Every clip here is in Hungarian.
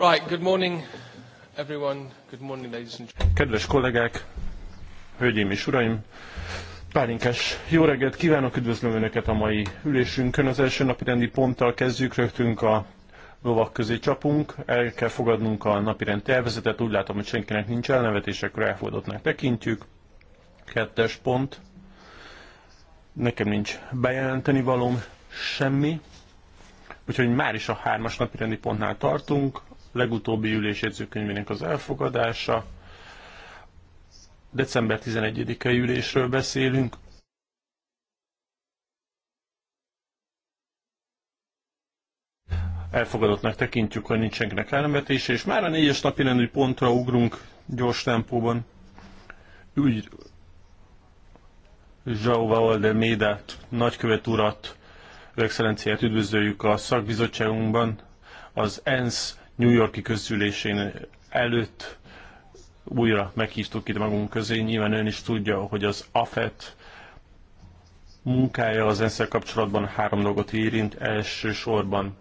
Right, good morning everyone. Good morning ladies and gentlemen. Kedves kollégák, hölgyeim és uraim, Pálinkás, jó reggelt kívánok, üdvözlöm Önöket a mai ülésünkön. Az első napi rendi ponttal kezdjük, rögtünk a lovak közé csapunk, el kell fogadnunk a napirend tervezetet, úgy látom, hogy senkinek nincs elnevetés, akkor elfogadottnak tekintjük. Kettes pont, nekem nincs bejelenteni valóm semmi, úgyhogy már is a hármas napi rendi pontnál tartunk, legutóbbi ülés jegyzőkönyvének az elfogadása. December 11-e ülésről beszélünk. Elfogadottnak tekintjük, hogy nincs senkinek ellenvetése, és már a négyes napi rendű pontra ugrunk gyors tempóban. Úgy João Valde Médát, nagykövet urat, excellenciát üdvözöljük a szakbizottságunkban, az ENSZ New Yorki közülésén előtt újra meghívtuk itt magunk közé. Nyilván ön is tudja, hogy az AFET munkája az ensz kapcsolatban három dolgot érint. Elsősorban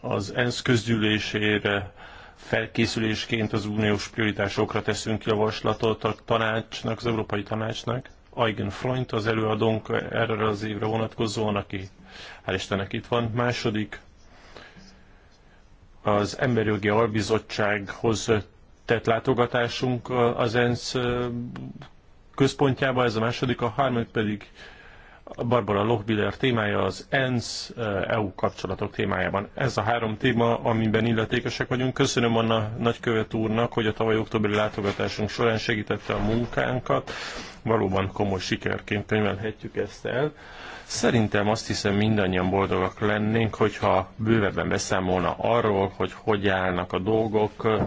az ENSZ közgyűlésére felkészülésként az uniós prioritásokra teszünk javaslatot a tanácsnak, az Európai Tanácsnak. Eugen Freund az előadónk erre az évre vonatkozóan, aki hál' Istennek itt van. Második az Emberjogi Albizottsághoz tett látogatásunk az ENSZ központjába, ez a második, a harmadik pedig Barbara Lochbiller témája az ENSZ-EU kapcsolatok témájában. Ez a három téma, amiben illetékesek vagyunk. Köszönöm Anna nagykövet úrnak, hogy a tavaly októberi látogatásunk során segítette a munkánkat. Valóban komoly sikerként könyvelhetjük ezt el. Szerintem azt hiszem mindannyian boldogak lennénk, hogyha bővebben beszámolna arról, hogy hogy állnak a dolgok,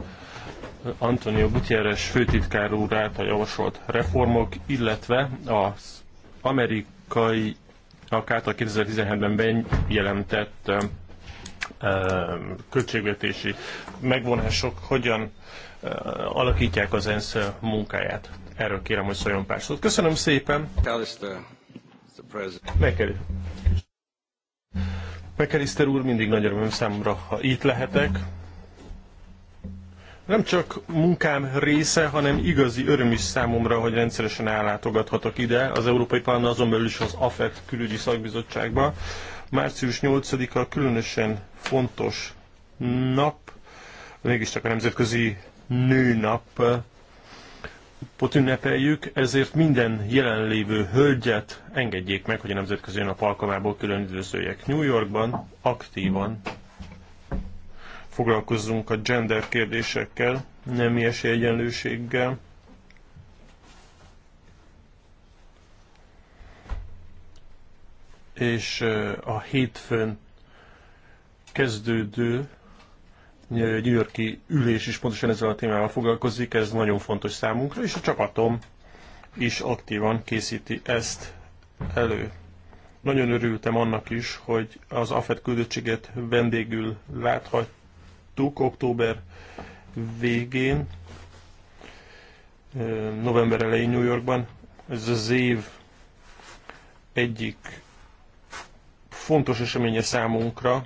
Antonio Gutierrez főtitkár úr által javasolt reformok, illetve az amerikai által 2017-ben bejelentett költségvetési megvonások hogyan alakítják az ENSZ munkáját. Erről kérem, hogy szóljon pár szót. Köszönöm szépen! Köszönöm. President. McAllister úr, mindig nagy öröm számomra, ha itt lehetek. Nem csak munkám része, hanem igazi öröm is számomra, hogy rendszeresen ellátogathatok ide, az Európai Parlament azon belül is az AFET külügyi szakbizottságba. Március 8-a különösen fontos nap, mégiscsak a Nemzetközi Nőnap napot ünnepeljük, ezért minden jelenlévő hölgyet engedjék meg, hogy a Nemzetközi Nap alkalmából külön üdvözöljek. New Yorkban aktívan foglalkozzunk a gender kérdésekkel, nemi egyenlőséggel. és a hétfőn kezdődő New Yorki ülés is pontosan ezzel a témával foglalkozik, ez nagyon fontos számunkra, és a csapatom is aktívan készíti ezt elő. Nagyon örültem annak is, hogy az AFED küldöttséget vendégül láthattuk október végén, eh, november elején New Yorkban. Ez az év egyik fontos eseménye számunkra,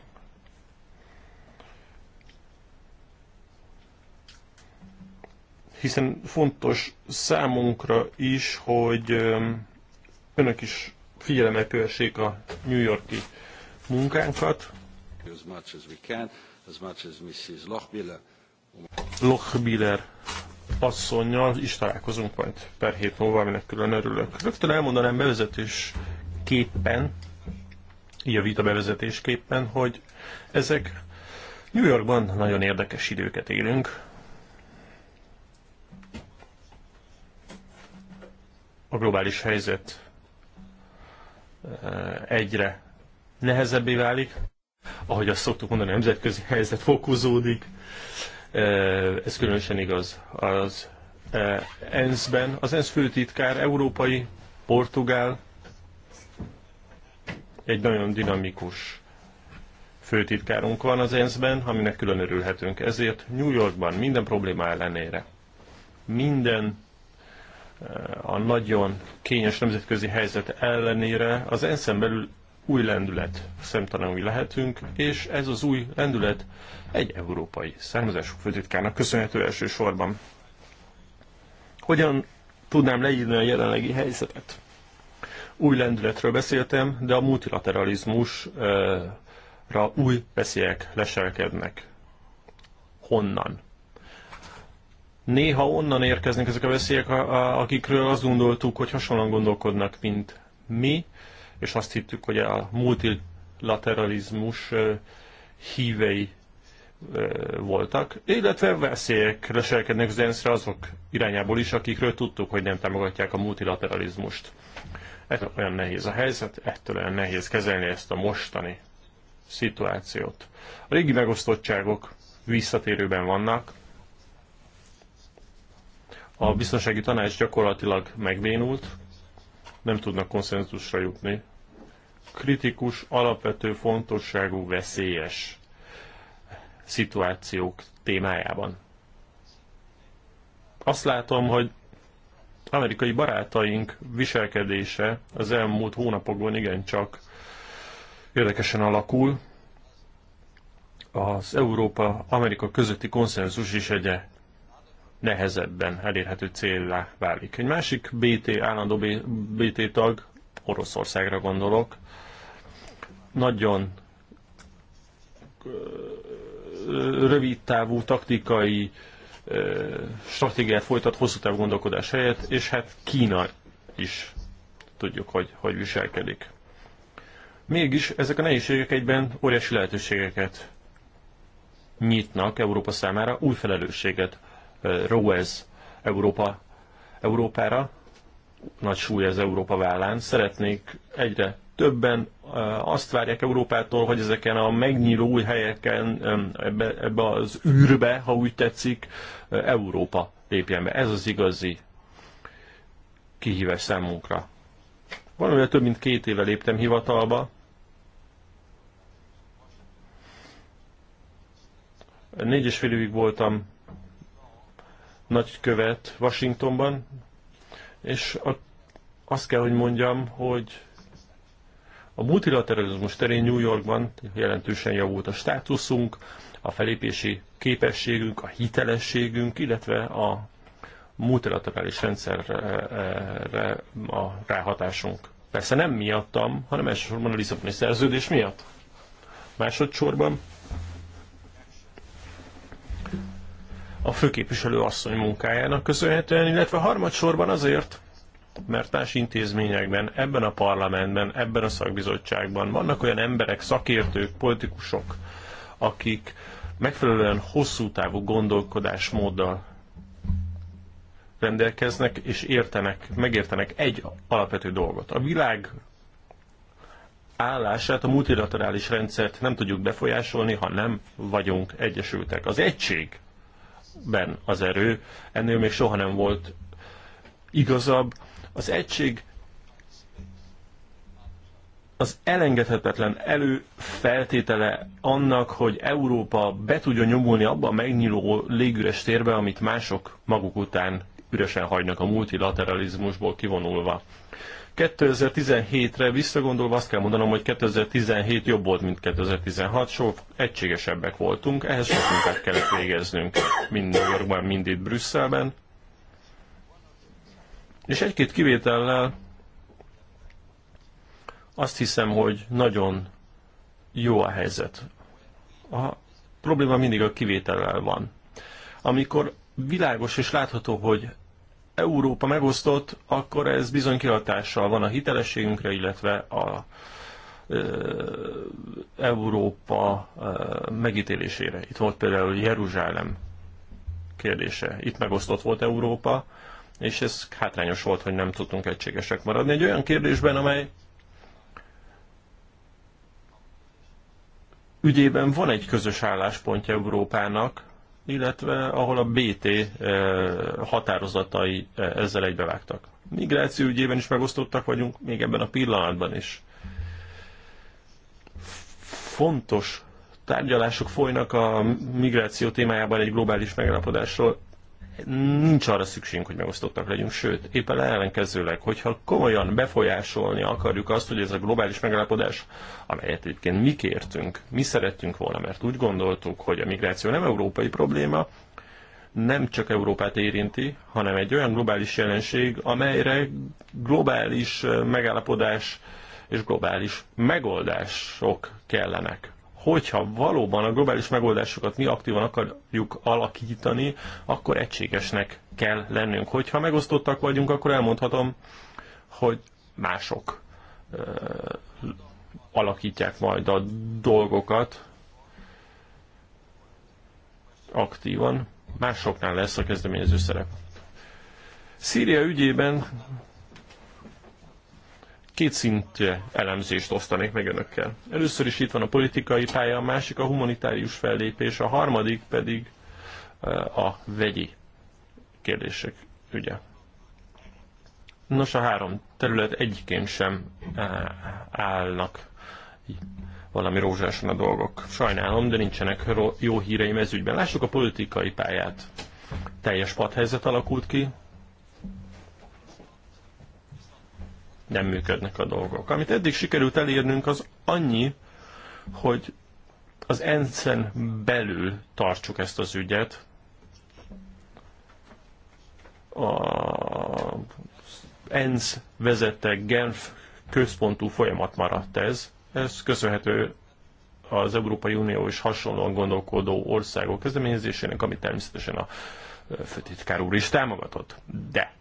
hiszen fontos számunkra is, hogy önök is figyelemmel kövessék a New Yorki munkánkat. Lochbiller asszonynal is találkozunk majd per hét múlva, aminek külön örülök. Rögtön elmondanám bevezetésképpen, így a vita bevezetésképpen, hogy ezek New Yorkban nagyon érdekes időket élünk. a globális helyzet eh, egyre nehezebbé válik. Ahogy azt szoktuk mondani, a nemzetközi helyzet fokozódik. Eh, ez különösen igaz az eh, ENSZ-ben. Az ENSZ főtitkár európai, portugál, egy nagyon dinamikus főtitkárunk van az ENSZ-ben, aminek külön örülhetünk. Ezért New Yorkban minden probléma ellenére, minden a nagyon kényes nemzetközi helyzet ellenére az ensz belül új lendület szemtanúi lehetünk, és ez az új lendület egy európai származású főtitkárnak köszönhető elsősorban. Hogyan tudnám leírni a jelenlegi helyzetet? Új lendületről beszéltem, de a multilateralizmusra új veszélyek leselkednek. Honnan? Néha onnan érkeznek ezek a veszélyek, akikről azt gondoltuk, hogy hasonlóan gondolkodnak, mint mi, és azt hittük, hogy a multilateralizmus hívei voltak, illetve veszélyekre selkednek Zenszre azok irányából is, akikről tudtuk, hogy nem támogatják a multilateralizmust. Ettől olyan nehéz a helyzet, ettől olyan nehéz kezelni ezt a mostani szituációt. A régi megosztottságok visszatérőben vannak, a biztonsági tanács gyakorlatilag megbénult, nem tudnak konszenzusra jutni. Kritikus, alapvető fontosságú, veszélyes szituációk témájában. Azt látom, hogy amerikai barátaink viselkedése az elmúlt hónapokban igencsak érdekesen alakul. Az Európa-Amerika közötti konszenzus is egyre nehezebben elérhető célá válik. Egy másik BT, állandó BT tag, Oroszországra gondolok, nagyon rövid távú taktikai stratégiát folytat hosszú távú gondolkodás helyett, és hát Kína is tudjuk, hogy, hogy viselkedik. Mégis ezek a nehézségek egyben óriási lehetőségeket nyitnak Európa számára, új felelősséget Rowez Európa, Európára, nagy súly az Európa vállán. Szeretnék egyre többen eh, azt várják Európától, hogy ezeken a megnyíló új helyeken, ebbe, ebbe az űrbe, ha úgy tetszik, eh, Európa lépjen be. Ez az igazi kihívás számunkra. Valamivel több mint két éve léptem hivatalba. Négy és fél évig voltam nagykövet Washingtonban, és a, azt kell, hogy mondjam, hogy a multilateralizmus terén New Yorkban jelentősen javult a státuszunk, a felépési képességünk, a hitelességünk, illetve a multilaterális rendszerre eh, eh, a ráhatásunk. Persze nem miattam, hanem elsősorban a Lisszaboni szerződés miatt. Másodszorban a főképviselő asszony munkájának köszönhetően, illetve harmadsorban azért, mert más intézményekben, ebben a parlamentben, ebben a szakbizottságban vannak olyan emberek, szakértők, politikusok, akik megfelelően hosszú távú gondolkodásmóddal rendelkeznek és értenek, megértenek egy alapvető dolgot. A világ állását, a multilaterális rendszert nem tudjuk befolyásolni, ha nem vagyunk egyesültek. Az egység ben az erő, ennél még soha nem volt igazabb. Az egység az elengedhetetlen előfeltétele annak, hogy Európa be tudja nyomulni abba a megnyíló légüres térbe, amit mások maguk után üresen hagynak a multilateralizmusból kivonulva. 2017-re visszagondolva azt kell mondanom, hogy 2017 jobb volt, mint 2016, sok egységesebbek voltunk, ehhez sok munkát kellett végeznünk mind New Yorkban, mind itt Brüsszelben. És egy-két kivétellel azt hiszem, hogy nagyon jó a helyzet. A probléma mindig a kivétellel van. Amikor világos és látható, hogy Európa megosztott, akkor ez bizony kihatással van a hitelességünkre, illetve a Európa megítélésére. Itt volt például Jeruzsálem kérdése. Itt megosztott volt Európa, és ez hátrányos volt, hogy nem tudtunk egységesek maradni. Egy olyan kérdésben, amely ügyében van egy közös álláspontja Európának, illetve ahol a BT eh, határozatai eh, ezzel egybevágtak. Migráció ügyében is megosztottak vagyunk, még ebben a pillanatban is. Fontos tárgyalások folynak a migráció témájában egy globális megállapodásról nincs arra szükségünk, hogy megosztottak legyünk, sőt, éppen ellenkezőleg, hogyha komolyan befolyásolni akarjuk azt, hogy ez a globális megállapodás, amelyet egyébként mi kértünk, mi szerettünk volna, mert úgy gondoltuk, hogy a migráció nem európai probléma, nem csak Európát érinti, hanem egy olyan globális jelenség, amelyre globális megállapodás és globális megoldások kellenek hogyha valóban a globális megoldásokat mi aktívan akarjuk alakítani, akkor egységesnek kell lennünk. Hogyha megosztottak vagyunk, akkor elmondhatom, hogy mások ö, alakítják majd a dolgokat aktívan. Másoknál lesz a kezdeményező szerep. Szíria ügyében Két szintje elemzést osztanék meg önökkel. Először is itt van a politikai pálya, a másik a humanitárius fellépés, a harmadik pedig eh, a vegyi kérdések ügye. Nos, a három terület egyikén sem eh, állnak valami rózsásan a dolgok. Sajnálom, de nincsenek jó híreim ez ügyben. Lássuk a politikai pályát. Teljes padhelyzet alakult ki, nem működnek a dolgok. Amit eddig sikerült elérnünk, az annyi, hogy az ENSZ-en belül tartsuk ezt az ügyet. A ENSZ vezette Genf központú folyamat maradt ez. Ez köszönhető az Európai Unió és hasonlóan gondolkodó országok kezdeményezésének, amit természetesen a főtitkár úr is támogatott. De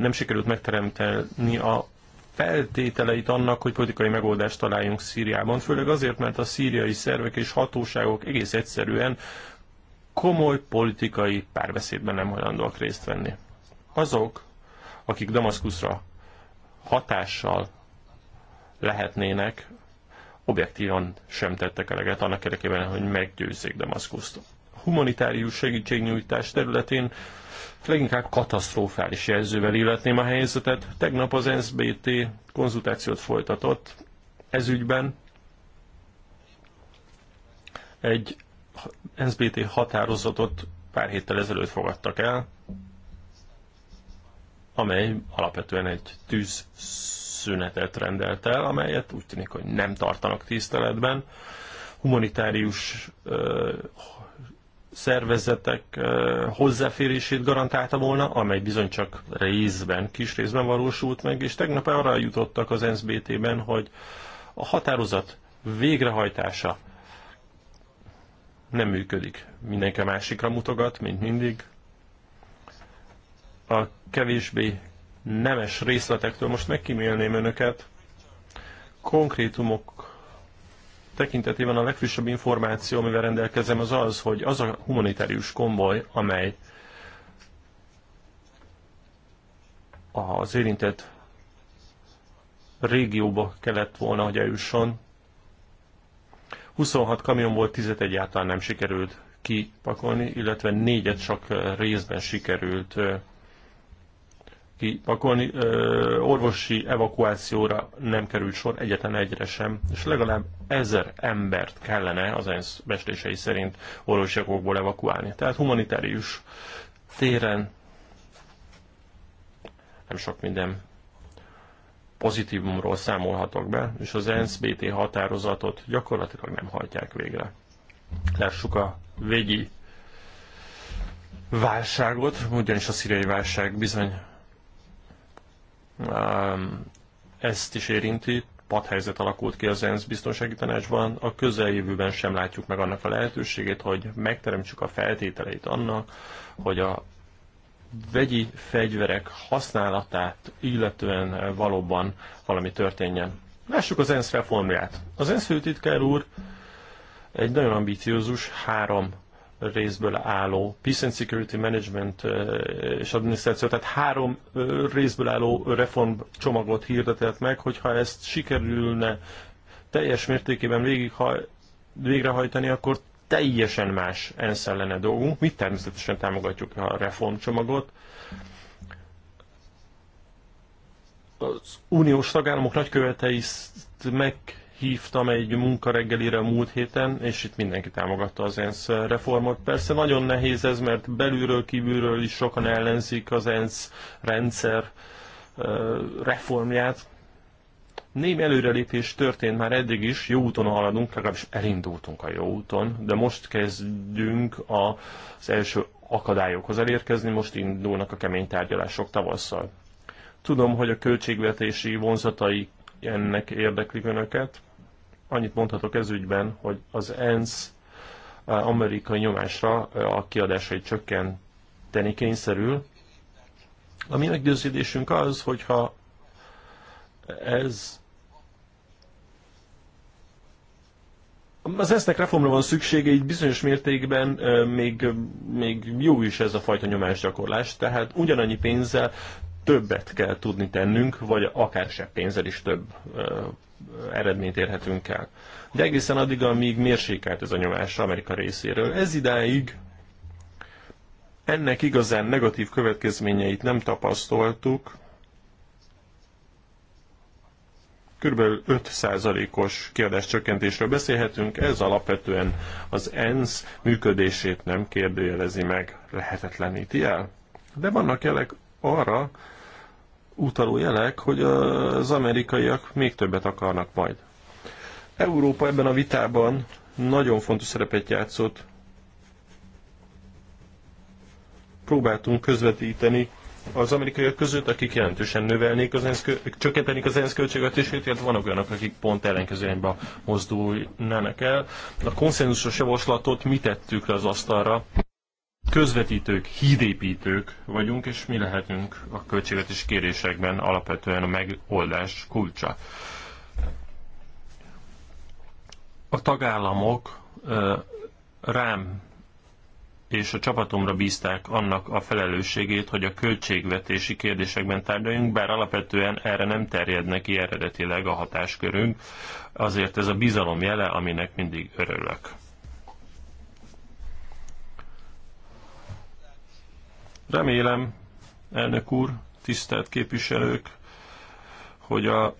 nem sikerült megteremteni a feltételeit annak, hogy politikai megoldást találjunk Szíriában, főleg azért, mert a szíriai szervek és hatóságok egész egyszerűen komoly politikai párbeszédben nem hajlandóak részt venni. Azok, akik Damaszkuszra hatással lehetnének, objektívan sem tettek eleget annak érdekében, hogy meggyőzzék Damaszkuszt. Humanitárius segítségnyújtás területén leginkább katasztrofális jelzővel illetném a helyzetet. Tegnap az NSBT konzultációt folytatott ezügyben. Egy NSBT határozatot pár héttel ezelőtt fogadtak el, amely alapvetően egy tűzszünetet rendelt el, amelyet úgy tűnik, hogy nem tartanak tiszteletben. Humanitárius uh, szervezetek hozzáférését garantálta volna, amely bizony csak részben, kis részben valósult meg, és tegnap arra jutottak az NSBT-ben, hogy a határozat végrehajtása nem működik. Mindenki másikra mutogat, mint mindig. A kevésbé nemes részletektől most megkímélném önöket. Konkrétumok tekintetében a legfrissebb információ, amivel rendelkezem, az az, hogy az a humanitárius konvoj, amely az érintett régióba kellett volna, hogy eljusson. 26 kamion volt, 10 egyáltalán nem sikerült kipakolni, illetve négyet csak részben sikerült kipakolni. Orvosi evakuációra nem került sor egyetlen egyre sem, és legalább ezer embert kellene az ENSZ bestései szerint orvosi okokból evakuálni. Tehát humanitárius téren nem sok minden pozitívumról számolhatok be, és az ENSZ-BT határozatot gyakorlatilag nem hajtják végre. Lássuk a végi válságot, ugyanis a szíriai válság bizony ezt is érinti, padhelyzet alakult ki az ENSZ biztonsági tanácsban, a közeljövőben sem látjuk meg annak a lehetőségét, hogy megteremtsük a feltételeit annak, hogy a vegyi fegyverek használatát illetően valóban valami történjen. Lássuk az ENSZ reformját. Az ENSZ főtitkár úr egy nagyon ambiciózus három részből álló Peace and Security Management és adminisztráció, tehát három részből álló reformcsomagot hirdetett meg, hogyha ezt sikerülne teljes mértékében végrehajtani, akkor teljesen más ENSZ lenne dolgunk. Mi természetesen támogatjuk a reformcsomagot. Az uniós tagállamok nagykövetei meg hívtam egy munkareggelire a múlt héten, és itt mindenki támogatta az ENSZ reformot. Persze nagyon nehéz ez, mert belülről, kívülről is sokan ellenzik az ENSZ rendszer reformját. Némi előrelépés történt már eddig is, jó úton haladunk, legalábbis elindultunk a jó úton, de most kezdünk az első akadályokhoz elérkezni, most indulnak a kemény tárgyalások tavasszal. Tudom, hogy a költségvetési vonzatai ennek érdeklik önöket annyit mondhatok ez ügyben, hogy az ENSZ amerikai nyomásra a kiadásait csökkenteni kényszerül. A mi meggyőződésünk az, hogyha ez az esznek reformra van szüksége, így bizonyos mértékben még, még jó is ez a fajta nyomásgyakorlás, tehát ugyanannyi pénzzel többet kell tudni tennünk, vagy akár se pénzzel is több eredményt érhetünk el. De egészen addig, amíg mérsékelt ez a nyomás Amerika részéről, ez idáig ennek igazán negatív következményeit nem tapasztaltuk. Körülbelül 5%-os csökkentésről beszélhetünk, ez alapvetően az ENSZ működését nem kérdőjelezi meg, lehetetleníti el. De vannak jelek arra, utaló jelek, hogy az amerikaiak még többet akarnak majd. Európa ebben a vitában nagyon fontos szerepet játszott. Próbáltunk közvetíteni az amerikaiak között, akik jelentősen növelnék az ENSZ, csökkentenik az ENSZ költségvetését, illetve vannak olyanok, akik pont ellenkező irányba mozdulnának el. A konszenzusos javaslatot mi tettük le az asztalra? közvetítők, hídépítők vagyunk, és mi lehetünk a költségvetés kérésekben alapvetően a megoldás kulcsa. A tagállamok rám és a csapatomra bízták annak a felelősségét, hogy a költségvetési kérdésekben tárgyaljunk, bár alapvetően erre nem terjednek ki eredetileg a hatáskörünk, azért ez a bizalom jele, aminek mindig örülök. Remélem, elnök úr, tisztelt képviselők, hogy a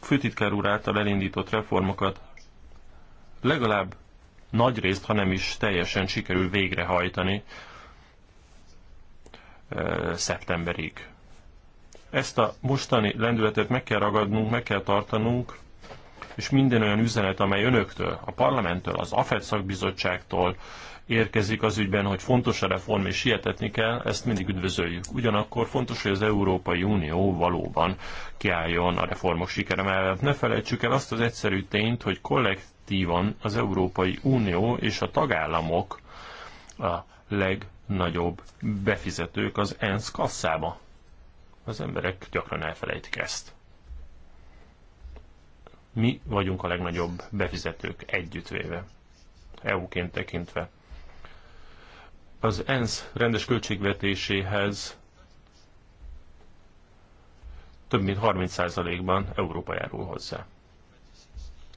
főtitkár úr által elindított reformokat legalább nagy részt, ha nem is teljesen sikerül végrehajtani szeptemberig. Ezt a mostani lendületet meg kell ragadnunk, meg kell tartanunk, és minden olyan üzenet, amely önöktől, a parlamenttől, az AFED szakbizottságtól, érkezik az ügyben, hogy fontos a reform és sietetni kell, ezt mindig üdvözöljük. Ugyanakkor fontos, hogy az Európai Unió valóban kiálljon a reformok sikere mellett. Ne felejtsük el azt az egyszerű tényt, hogy kollektívan az Európai Unió és a tagállamok a legnagyobb befizetők az ENSZ kasszába. Az emberek gyakran elfelejtik ezt mi vagyunk a legnagyobb befizetők együttvéve, EU-ként tekintve az ENSZ rendes költségvetéséhez több mint 30%-ban Európa járul hozzá.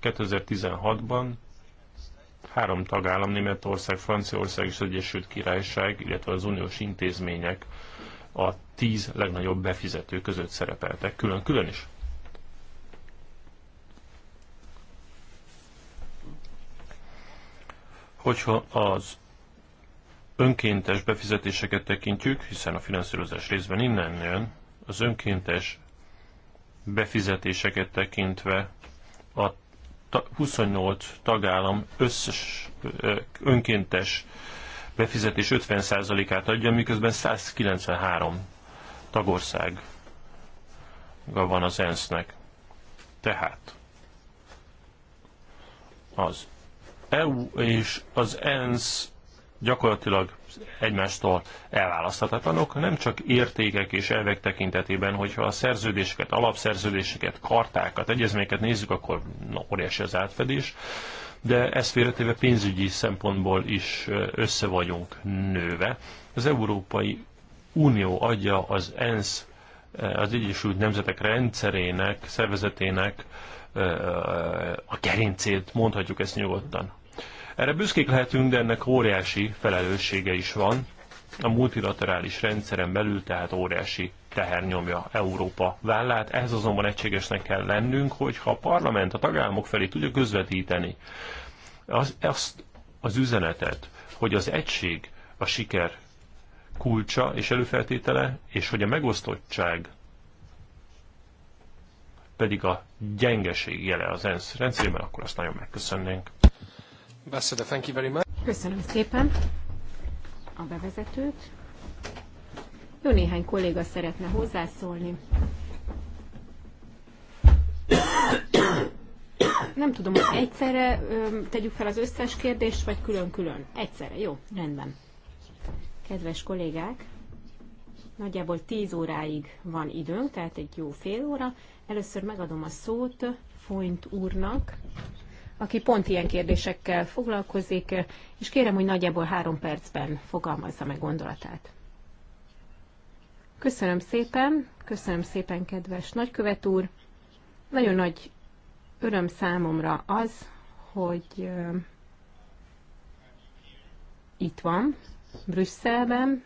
2016-ban három tagállam, Németország, Franciaország és az Egyesült Királyság, illetve az uniós intézmények a tíz legnagyobb befizető között szerepeltek, külön-külön is. Hogyha az önkéntes befizetéseket tekintjük, hiszen a finanszírozás részben innen jön, az önkéntes befizetéseket tekintve a 28 tagállam összes önkéntes befizetés 50%-át adja, miközben 193 tagország van az ENSZ-nek. Tehát az EU és az ENSZ gyakorlatilag egymástól elválaszthatatlanok, nem csak értékek és elvek tekintetében, hogyha a szerződéseket, alapszerződéseket, kartákat, egyezményeket nézzük, akkor na, óriási az átfedés, de ezt félretéve pénzügyi szempontból is össze vagyunk nőve. Az Európai Unió adja az ENSZ, az Egyesült Nemzetek rendszerének, szervezetének a gerincét, mondhatjuk ezt nyugodtan. Erre büszkék lehetünk, de ennek óriási felelőssége is van. A multilaterális rendszeren belül tehát óriási teher nyomja Európa vállát. Ehhez azonban egységesnek kell lennünk, hogyha a parlament a tagállamok felé tudja közvetíteni az, azt az üzenetet, hogy az egység a siker kulcsa és előfeltétele, és hogy a megosztottság pedig a gyengeség jele az ENSZ rendszerében, akkor azt nagyon megköszönnénk. Ambassador, thank you very much. Köszönöm szépen a bevezetőt. Jó néhány kolléga szeretne hozzászólni. Nem tudom, hogy egyszerre tegyük fel az összes kérdést, vagy külön-külön. Egyszerre, jó, rendben. Kedves kollégák, nagyjából 10 óráig van időnk, tehát egy jó fél óra. Először megadom a szót Foint úrnak, aki pont ilyen kérdésekkel foglalkozik, és kérem, hogy nagyjából három percben fogalmazza meg gondolatát. Köszönöm szépen, köszönöm szépen, kedves nagykövet úr. Nagyon nagy öröm számomra az, hogy itt van, Brüsszelben,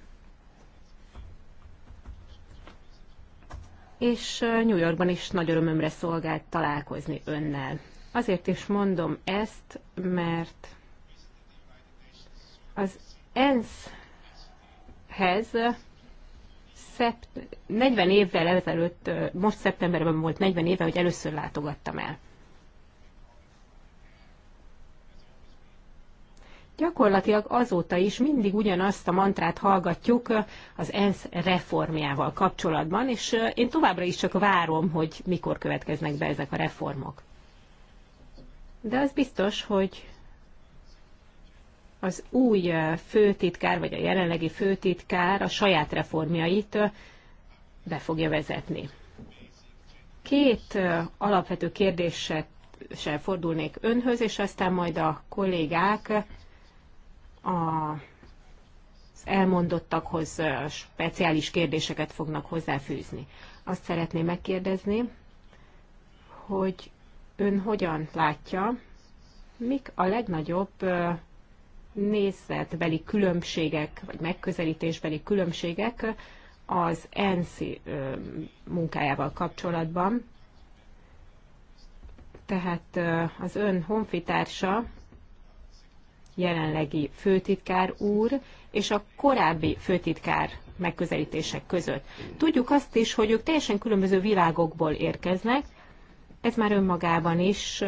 és New Yorkban is nagy örömömre szolgált találkozni önnel. Azért is mondom ezt, mert az ENSZ-hez 40 évvel ezelőtt, most szeptemberben volt 40 éve, hogy először látogattam el. Gyakorlatilag azóta is mindig ugyanazt a mantrát hallgatjuk az ENSZ reformjával kapcsolatban, és én továbbra is csak várom, hogy mikor következnek be ezek a reformok. De az biztos, hogy az új főtitkár, vagy a jelenlegi főtitkár a saját reformjait be fogja vezetni. Két alapvető kérdéssel fordulnék önhöz, és aztán majd a kollégák az elmondottakhoz speciális kérdéseket fognak hozzáfűzni. Azt szeretném megkérdezni, hogy ön hogyan látja, mik a legnagyobb nézetbeli különbségek, vagy megközelítésbeli különbségek az ENSZ munkájával kapcsolatban. Tehát az ön honfitársa, jelenlegi főtitkár úr, és a korábbi főtitkár megközelítések között. Tudjuk azt is, hogy ők teljesen különböző világokból érkeznek, ez már önmagában is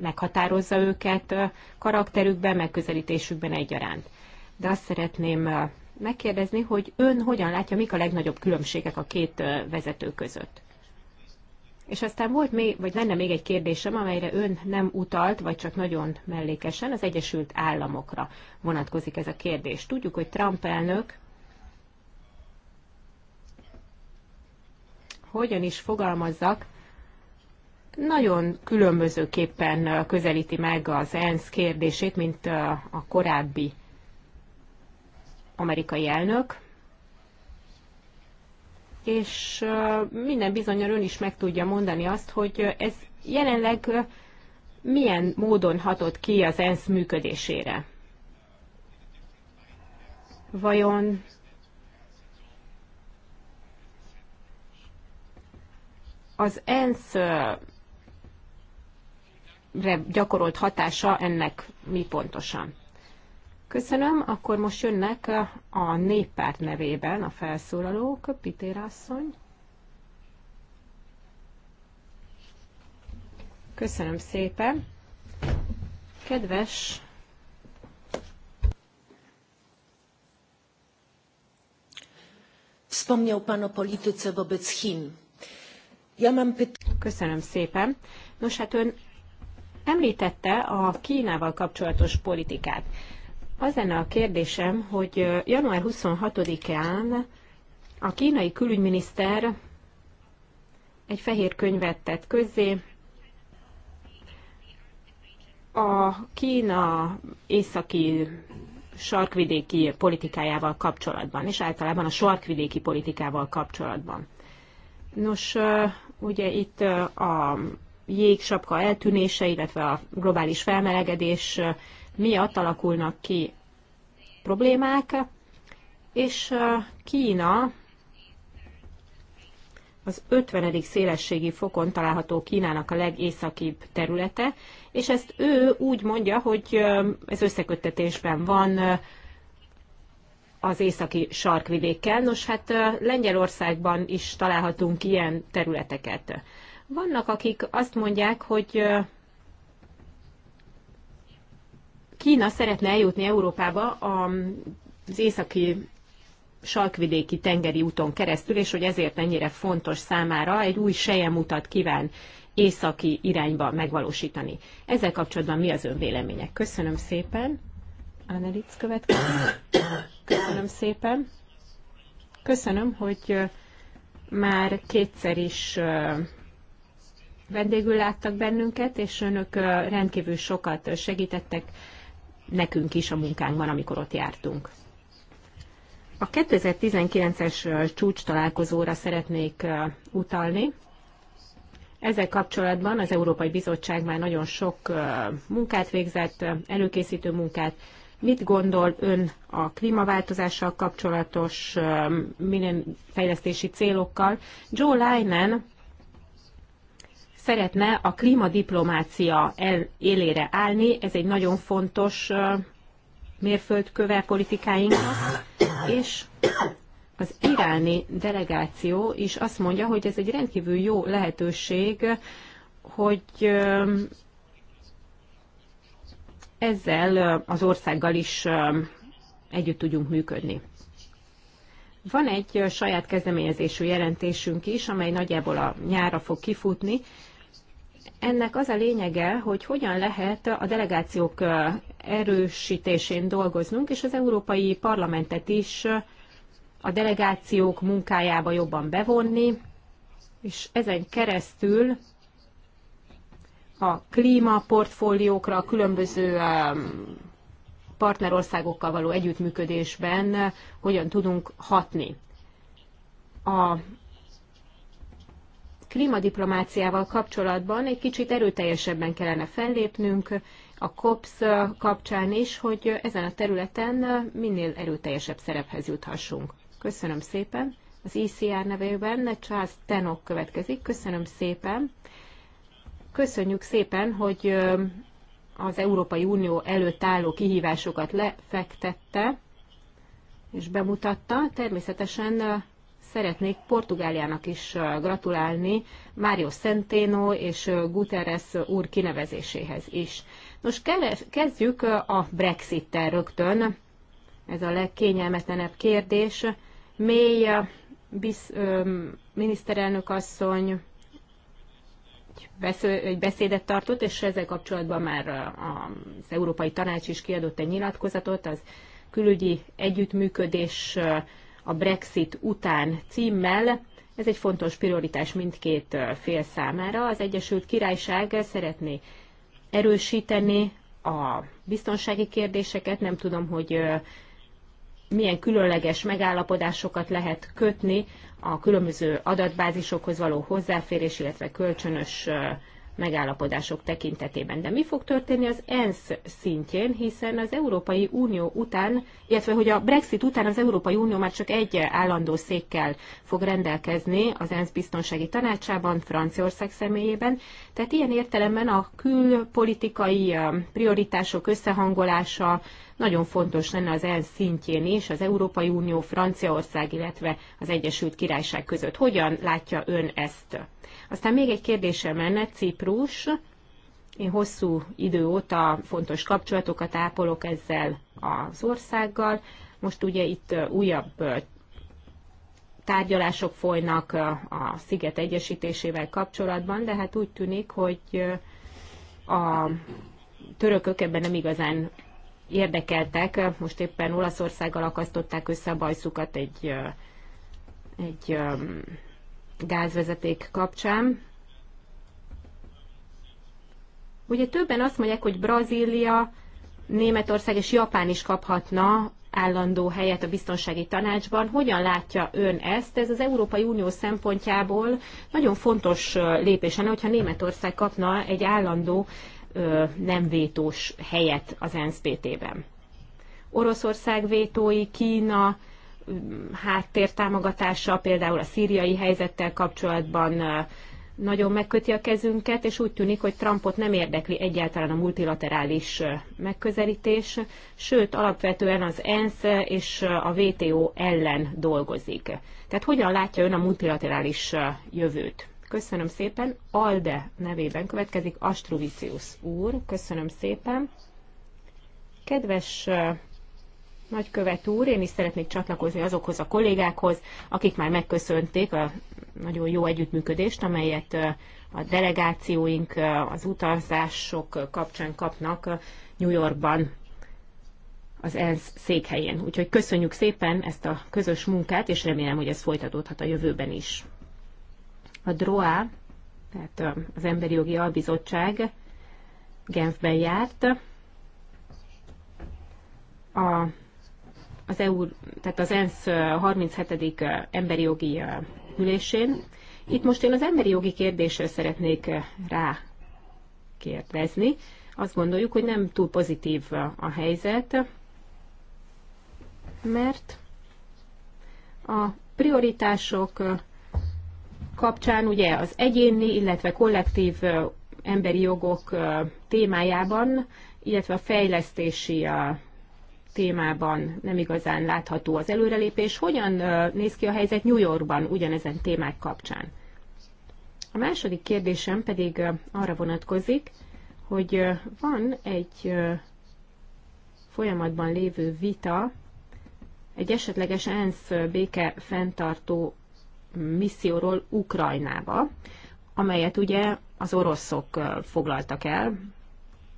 meghatározza őket karakterükben, megközelítésükben egyaránt. De azt szeretném megkérdezni, hogy ön hogyan látja, mik a legnagyobb különbségek a két vezető között? És aztán volt még, vagy lenne még egy kérdésem, amelyre ön nem utalt, vagy csak nagyon mellékesen, az Egyesült Államokra vonatkozik ez a kérdés. Tudjuk, hogy Trump elnök hogyan is fogalmazzak, nagyon különbözőképpen közelíti meg az ENSZ kérdését, mint a korábbi amerikai elnök, és minden bizonyal ön is meg tudja mondani azt, hogy ez jelenleg milyen módon hatott ki az ENSZ működésére. Vajon az ENSZ gyakorolt hatása ennek mi pontosan. Köszönöm, akkor most jönnek a néppárt nevében a felszólalók, Pitér asszony. Köszönöm szépen. Kedves Wspomniał Pan o polityce wobec Chin. Ja mam pytanie. Köszönöm szépen. Nos, hát ön Említette a Kínával kapcsolatos politikát. Az lenne a kérdésem, hogy január 26-án a kínai külügyminiszter egy fehér könyvet tett közzé, a Kína északi sarkvidéki politikájával kapcsolatban, és általában a sarkvidéki politikával kapcsolatban. Nos, ugye itt a jégsapka eltűnése, illetve a globális felmelegedés miatt alakulnak ki problémák, és Kína az 50. szélességi fokon található Kínának a legészakibb területe, és ezt ő úgy mondja, hogy ez összeköttetésben van az északi sarkvidékkel. Nos, hát Lengyelországban is találhatunk ilyen területeket. Vannak, akik azt mondják, hogy Kína szeretne eljutni Európába az északi sarkvidéki tengeri úton keresztül, és hogy ezért ennyire fontos számára egy új sejemutat kíván északi irányba megvalósítani. Ezzel kapcsolatban mi az ön vélemények? Köszönöm szépen. Annelitz következik. Köszönöm szépen. Köszönöm, hogy már kétszer is vendégül láttak bennünket, és önök rendkívül sokat segítettek nekünk is a munkánkban, amikor ott jártunk. A 2019-es csúcs találkozóra szeretnék utalni. Ezzel kapcsolatban az Európai Bizottság már nagyon sok munkát végzett, előkészítő munkát. Mit gondol ön a klímaváltozással kapcsolatos minden fejlesztési célokkal? Joe Leinen, szeretne a klímadiplomácia el, élére állni, ez egy nagyon fontos mérföldköve politikáinknak, és az iráni delegáció is azt mondja, hogy ez egy rendkívül jó lehetőség, hogy ezzel az országgal is együtt tudjunk működni. Van egy saját kezdeményezésű jelentésünk is, amely nagyjából a nyára fog kifutni, ennek az a lényege, hogy hogyan lehet a delegációk erősítésén dolgoznunk, és az Európai Parlamentet is a delegációk munkájába jobban bevonni, és ezen keresztül a klímaportfóliókra, a különböző partnerországokkal való együttműködésben hogyan tudunk hatni. A klímadiplomáciával kapcsolatban egy kicsit erőteljesebben kellene fellépnünk, a COPS kapcsán is, hogy ezen a területen minél erőteljesebb szerephez juthassunk. Köszönöm szépen. Az ICR e nevében Charles Tenok következik. Köszönöm szépen. Köszönjük szépen, hogy az Európai Unió előtt álló kihívásokat lefektette és bemutatta. Természetesen Szeretnék Portugáliának is gratulálni Mário Centeno és Guterres úr kinevezéséhez is. Nos, kezdjük a Brexit-tel rögtön. Ez a legkényelmetlenebb kérdés. Mély bisz, ö, miniszterelnök asszony egy beszédet tartott, és ezzel kapcsolatban már az Európai Tanács is kiadott egy nyilatkozatot, az külügyi együttműködés a Brexit után címmel. Ez egy fontos prioritás mindkét fél számára. Az Egyesült Királyság szeretné erősíteni a biztonsági kérdéseket. Nem tudom, hogy milyen különleges megállapodásokat lehet kötni a különböző adatbázisokhoz való hozzáférés, illetve kölcsönös megállapodások tekintetében. De mi fog történni az ENSZ szintjén, hiszen az Európai Unió után, illetve hogy a Brexit után az Európai Unió már csak egy állandó székkel fog rendelkezni az ENSZ biztonsági tanácsában, Franciaország személyében. Tehát ilyen értelemben a külpolitikai um, prioritások összehangolása, nagyon fontos lenne az ENSZ szintjén is, az Európai Unió, Franciaország, illetve az Egyesült Királyság között. Hogyan látja ön ezt? Aztán még egy kérdésem lenne, Ciprus. Én hosszú idő óta fontos kapcsolatokat ápolok ezzel az országgal. Most ugye itt újabb tárgyalások folynak a sziget egyesítésével kapcsolatban, de hát úgy tűnik, hogy a törökök ebben nem igazán érdekeltek, most éppen Olaszországgal akasztották össze a bajszukat egy, egy gázvezeték kapcsán. Ugye többen azt mondják, hogy Brazília, Németország és Japán is kaphatna állandó helyet a biztonsági tanácsban. Hogyan látja ön ezt? Ez az Európai Unió szempontjából nagyon fontos lépés lenne, hogyha Németország kapna egy állandó nem vétós helyet az ENSZ-PT-ben. Oroszország vétói, Kína háttértámogatása például a szíriai helyzettel kapcsolatban nagyon megköti a kezünket, és úgy tűnik, hogy Trumpot nem érdekli egyáltalán a multilaterális megközelítés, sőt, alapvetően az ENSZ és a WTO ellen dolgozik. Tehát hogyan látja ön a multilaterális jövőt? Köszönöm szépen. Alde nevében következik Astrovicius úr. Köszönöm szépen. Kedves nagykövet úr, én is szeretnék csatlakozni azokhoz a kollégákhoz, akik már megköszönték a nagyon jó együttműködést, amelyet a delegációink az utazások kapcsán kapnak New Yorkban az ENSZ székhelyén. Úgyhogy köszönjük szépen ezt a közös munkát, és remélem, hogy ez folytatódhat a jövőben is. A DROA, tehát az Emberi Jogi Albizottság Genfben járt. A, az EU, tehát az ENSZ 37. emberi jogi ülésén. Itt most én az emberi jogi kérdésre szeretnék rá kérdezni. Azt gondoljuk, hogy nem túl pozitív a helyzet, mert a prioritások kapcsán ugye az egyéni, illetve kollektív emberi jogok témájában, illetve a fejlesztési témában nem igazán látható az előrelépés. Hogyan néz ki a helyzet New Yorkban ugyanezen témák kapcsán? A második kérdésem pedig arra vonatkozik, hogy van egy folyamatban lévő vita egy esetleges ENSZ béke fenntartó misszióról Ukrajnába, amelyet ugye az oroszok foglaltak el.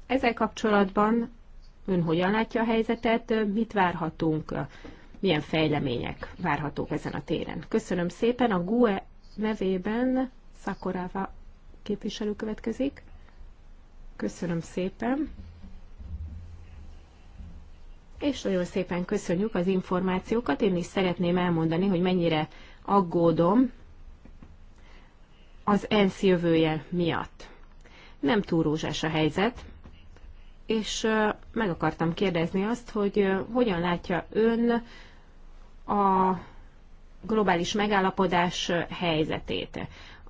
Ezzel kapcsolatban ön hogyan látja a helyzetet, mit várhatunk, milyen fejlemények várhatók ezen a téren. Köszönöm szépen, a GUE nevében Szakoráva képviselő következik. Köszönöm szépen. És nagyon szépen köszönjük az információkat. Én is szeretném elmondani, hogy mennyire aggódom az ENSZ jövője miatt. Nem túl rózsás a helyzet, és meg akartam kérdezni azt, hogy hogyan látja ön a globális megállapodás helyzetét.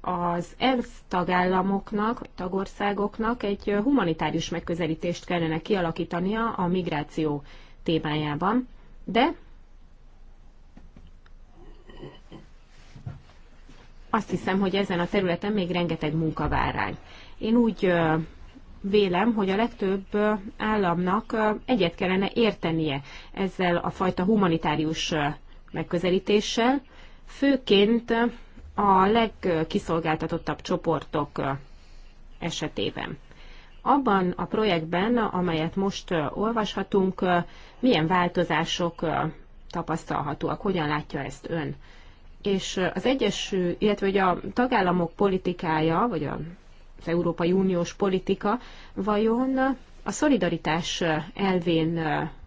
Az ENSZ tagállamoknak, tagországoknak egy humanitárius megközelítést kellene kialakítania a migráció témájában, de azt hiszem, hogy ezen a területen még rengeteg munka vár ránk. Én úgy vélem, hogy a legtöbb államnak egyet kellene értenie ezzel a fajta humanitárius megközelítéssel, főként a legkiszolgáltatottabb csoportok esetében. Abban a projektben, amelyet most olvashatunk, milyen változások tapasztalhatóak, hogyan látja ezt ön? és az egyes, illetve hogy a tagállamok politikája, vagy az Európai Uniós politika vajon a szolidaritás elvén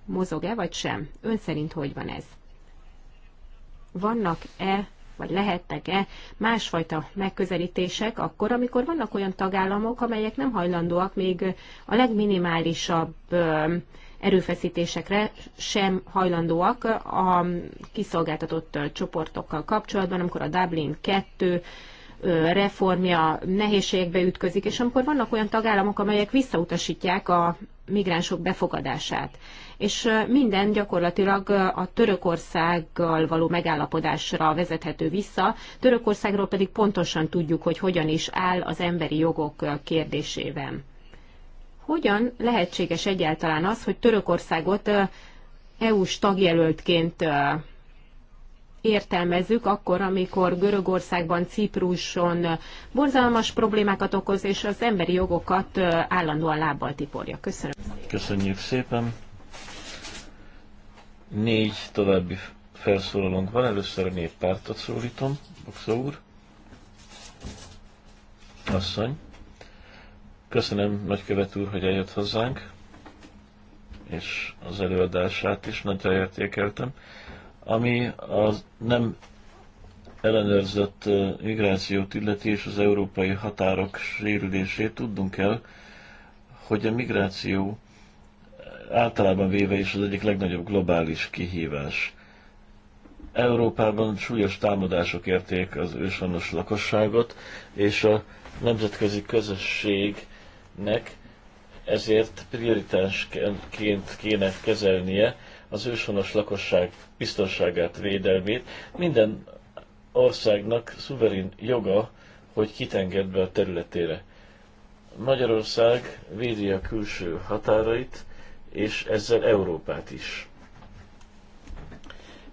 mozog-e, vagy sem? Ön szerint hogy van ez? Vannak-e, vagy lehetnek-e másfajta megközelítések akkor, amikor vannak olyan tagállamok, amelyek nem hajlandóak még a legminimálisabb erőfeszítésekre sem hajlandóak a kiszolgáltatott csoportokkal kapcsolatban, amikor a Dublin 2 reformja nehézségekbe ütközik, és amikor vannak olyan tagállamok, amelyek visszautasítják a migránsok befogadását. És minden gyakorlatilag a Törökországgal való megállapodásra vezethető vissza. Törökországról pedig pontosan tudjuk, hogy hogyan is áll az emberi jogok kérdésében. Hogyan lehetséges egyáltalán az, hogy Törökországot EU-s tagjelöltként értelmezzük akkor, amikor Görögországban, Cipruson borzalmas problémákat okoz, és az emberi jogokat állandóan lábbal tiporja. Köszönöm. Köszönjük szépen. Négy további felszólalónk van. Először a néppártot szólítom. Boksa úr. Asszony. Köszönöm, nagykövet úr, hogy eljött hozzánk, és az előadását is nagyra értékeltem. Ami az nem ellenőrzött migrációt illeti és az európai határok sérülését, tudnunk kell, hogy a migráció általában véve is az egyik legnagyobb globális kihívás. Európában súlyos támadások érték az őshonos lakosságot, és a nemzetközi közösség nek ezért prioritásként kéne kezelnie az őshonos lakosság biztonságát, védelmét. Minden országnak szuverén joga, hogy kitenged be a területére. Magyarország védi a külső határait, és ezzel Európát is.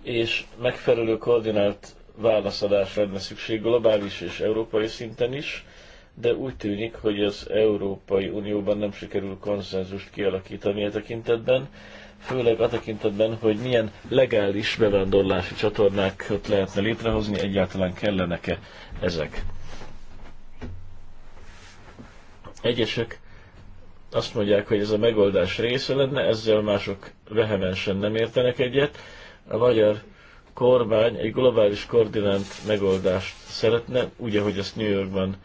És megfelelő koordinált válaszadás lenne szükség globális és európai szinten is, de úgy tűnik, hogy az Európai Unióban nem sikerül konszenzust kialakítani a e tekintetben, főleg a tekintetben, hogy milyen legális bevándorlási csatornákat lehetne létrehozni, egyáltalán kellenek-e ezek. Egyesek azt mondják, hogy ez a megoldás része lenne, ezzel mások vehemensen nem értenek egyet. A magyar kormány egy globális koordinált megoldást szeretne, úgy, ahogy ezt New Yorkban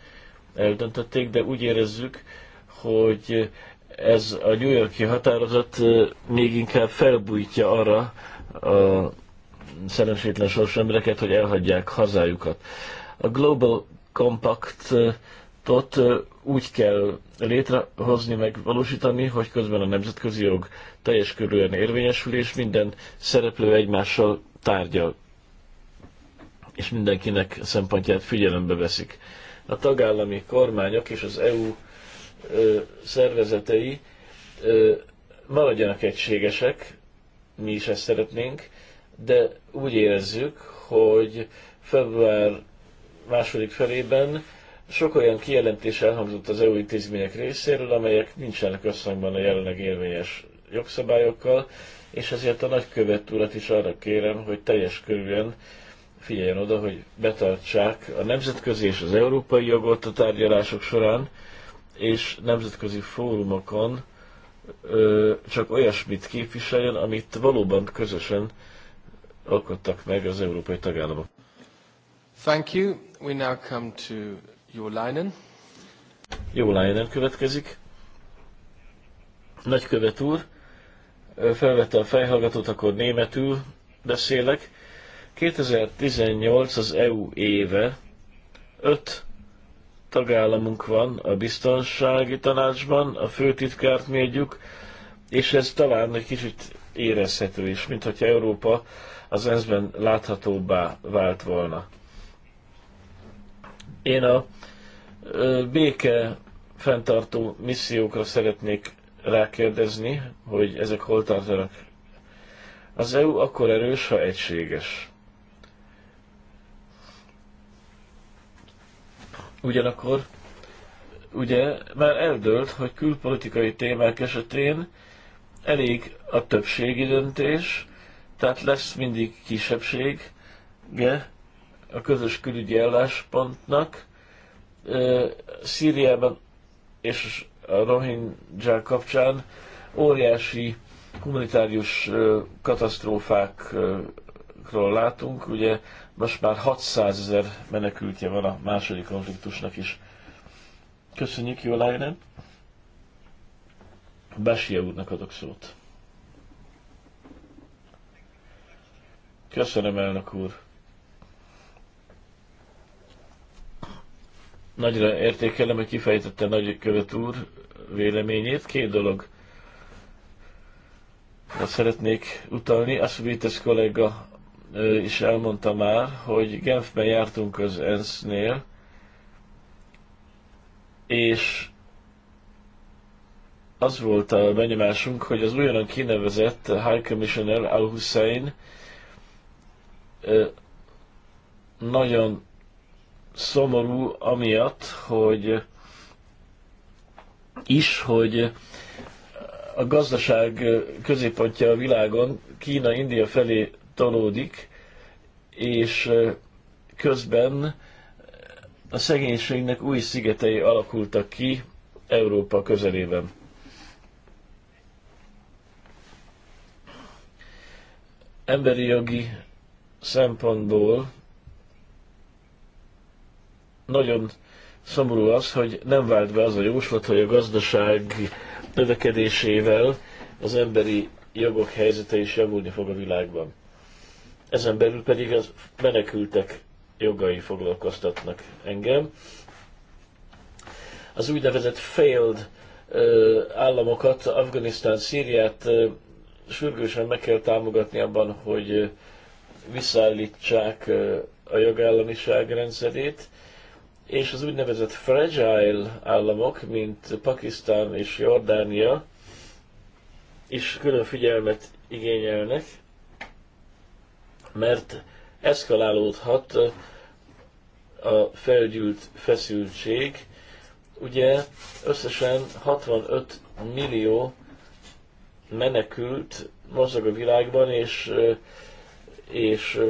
eldöntötték, de úgy érezzük, hogy ez a New Yorki határozat még inkább felbújtja arra a szerencsétlen sors embereket, hogy elhagyják hazájukat. A Global Compact-ot úgy kell létrehozni, megvalósítani, hogy közben a nemzetközi jog teljes körülön érvényesül, és minden szereplő egymással tárgyal, és mindenkinek szempontját figyelembe veszik a tagállami kormányok és az EU szervezetei maradjanak egységesek, mi is ezt szeretnénk, de úgy érezzük, hogy február második felében sok olyan kijelentés elhangzott az EU intézmények részéről, amelyek nincsenek összhangban a jelenleg érvényes jogszabályokkal, és ezért a nagykövet urat is arra kérem, hogy teljes körülön figyeljen oda, hogy betartsák a nemzetközi és az európai jogot a tárgyalások során, és nemzetközi fórumokon ö, csak olyasmit képviseljen, amit valóban közösen alkottak meg az európai tagállamok. Thank you. We now come to Jó Leinen. Jó Leinen következik. Nagykövet úr, felvette a fejhallgatót, akkor németül beszélek 2018 az EU éve, öt tagállamunk van a biztonsági tanácsban, a főtitkárt mérjük, és ez talán egy kicsit érezhető is, mint hogyha Európa az ENSZ-ben láthatóbbá vált volna. Én a béke fenntartó missziókra szeretnék rákérdezni, hogy ezek hol tartanak. Az EU akkor erős, ha egységes. Ugyanakkor ugye már eldőlt, hogy külpolitikai témák esetén elég a többségi döntés, tehát lesz mindig kisebbsége a közös külügyi álláspontnak. Szíriában és a Rohingya kapcsán óriási humanitárius katasztrófákról látunk, ugye most már 600 ezer menekültje van a második konfliktusnak is. Köszönjük, jó Lájnen. Besia úrnak adok szót. Köszönöm, elnök úr. Nagyra értékelem, hogy kifejtette követ úr véleményét. Két dolog szeretnék utalni. Asubites kollega is elmondta már, hogy Genfben jártunk az ENSZ-nél, és az volt a benyomásunk, hogy az újonnan kinevezett High Commissioner Al-Hussein nagyon szomorú amiatt, hogy is, hogy a gazdaság középpontja a világon Kína-India felé talódik, és közben a szegénységnek új szigetei alakultak ki Európa közelében. Emberi jogi szempontból nagyon szomorú az, hogy nem vált be az a jóslat, hogy a gazdaság növekedésével az emberi jogok helyzete is javulni fog a világban ezen belül pedig az menekültek jogai foglalkoztatnak engem. Az úgynevezett failed államokat, Afganisztán, Szíriát sürgősen meg kell támogatni abban, hogy visszaállítsák a jogállamiság rendszerét, és az úgynevezett fragile államok, mint Pakisztán és Jordánia is külön figyelmet igényelnek, mert eszkalálódhat a felgyűlt feszültség. Ugye összesen 65 millió menekült mozog a világban, és, és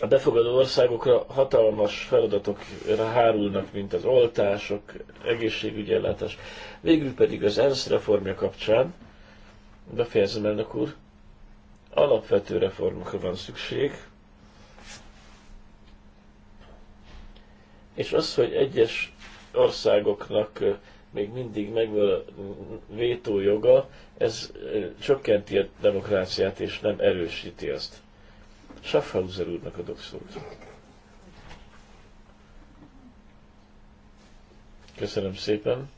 a befogadó országokra hatalmas feladatokra hárulnak, mint az oltások, egészségügyi ellátás. Végül pedig az ENSZ reformja kapcsán, befejezem elnök úr, Alapvető reformokra van szükség, és az, hogy egyes országoknak még mindig megvan a vétójoga, ez csökkenti a demokráciát, és nem erősíti azt. Schaffhauser úrnak adok szót. Köszönöm szépen.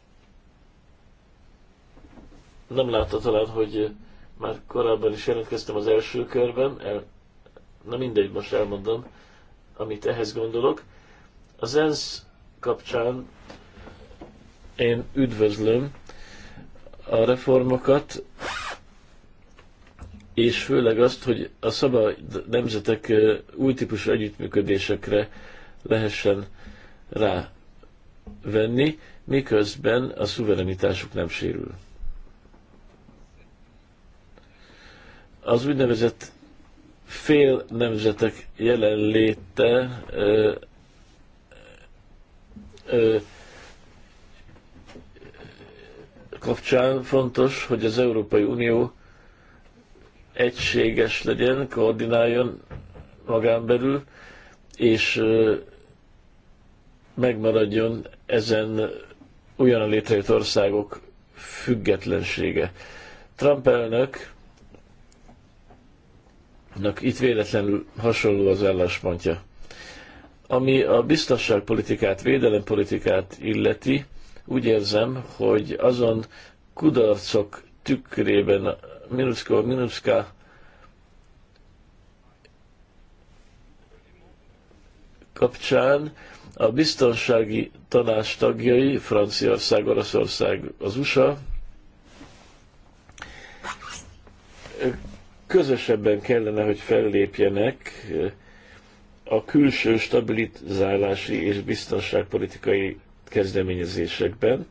Nem látta talán, hogy már korábban is jelentkeztem az első körben, el, na mindegy, most elmondom, amit ehhez gondolok. Az ENSZ kapcsán én üdvözlöm a reformokat, és főleg azt, hogy a szabad nemzetek új típusú együttműködésekre lehessen rávenni, miközben a szuverenitásuk nem sérül. Az úgynevezett fél nemzetek jelenléte ö, ö, kapcsán fontos, hogy az Európai Unió egységes legyen, koordináljon magán belül, és megmaradjon ezen ugyan a létrejött országok függetlensége. Trump elnök Trumpnak itt véletlenül hasonló az álláspontja. Ami a biztonságpolitikát, védelempolitikát illeti, úgy érzem, hogy azon kudarcok tükrében Minuszka, Minuszka kapcsán a biztonsági tanács tagjai, Franciaország, Oroszország, az USA, közösebben kellene, hogy fellépjenek a külső stabilizálási és biztonságpolitikai kezdeményezésekben.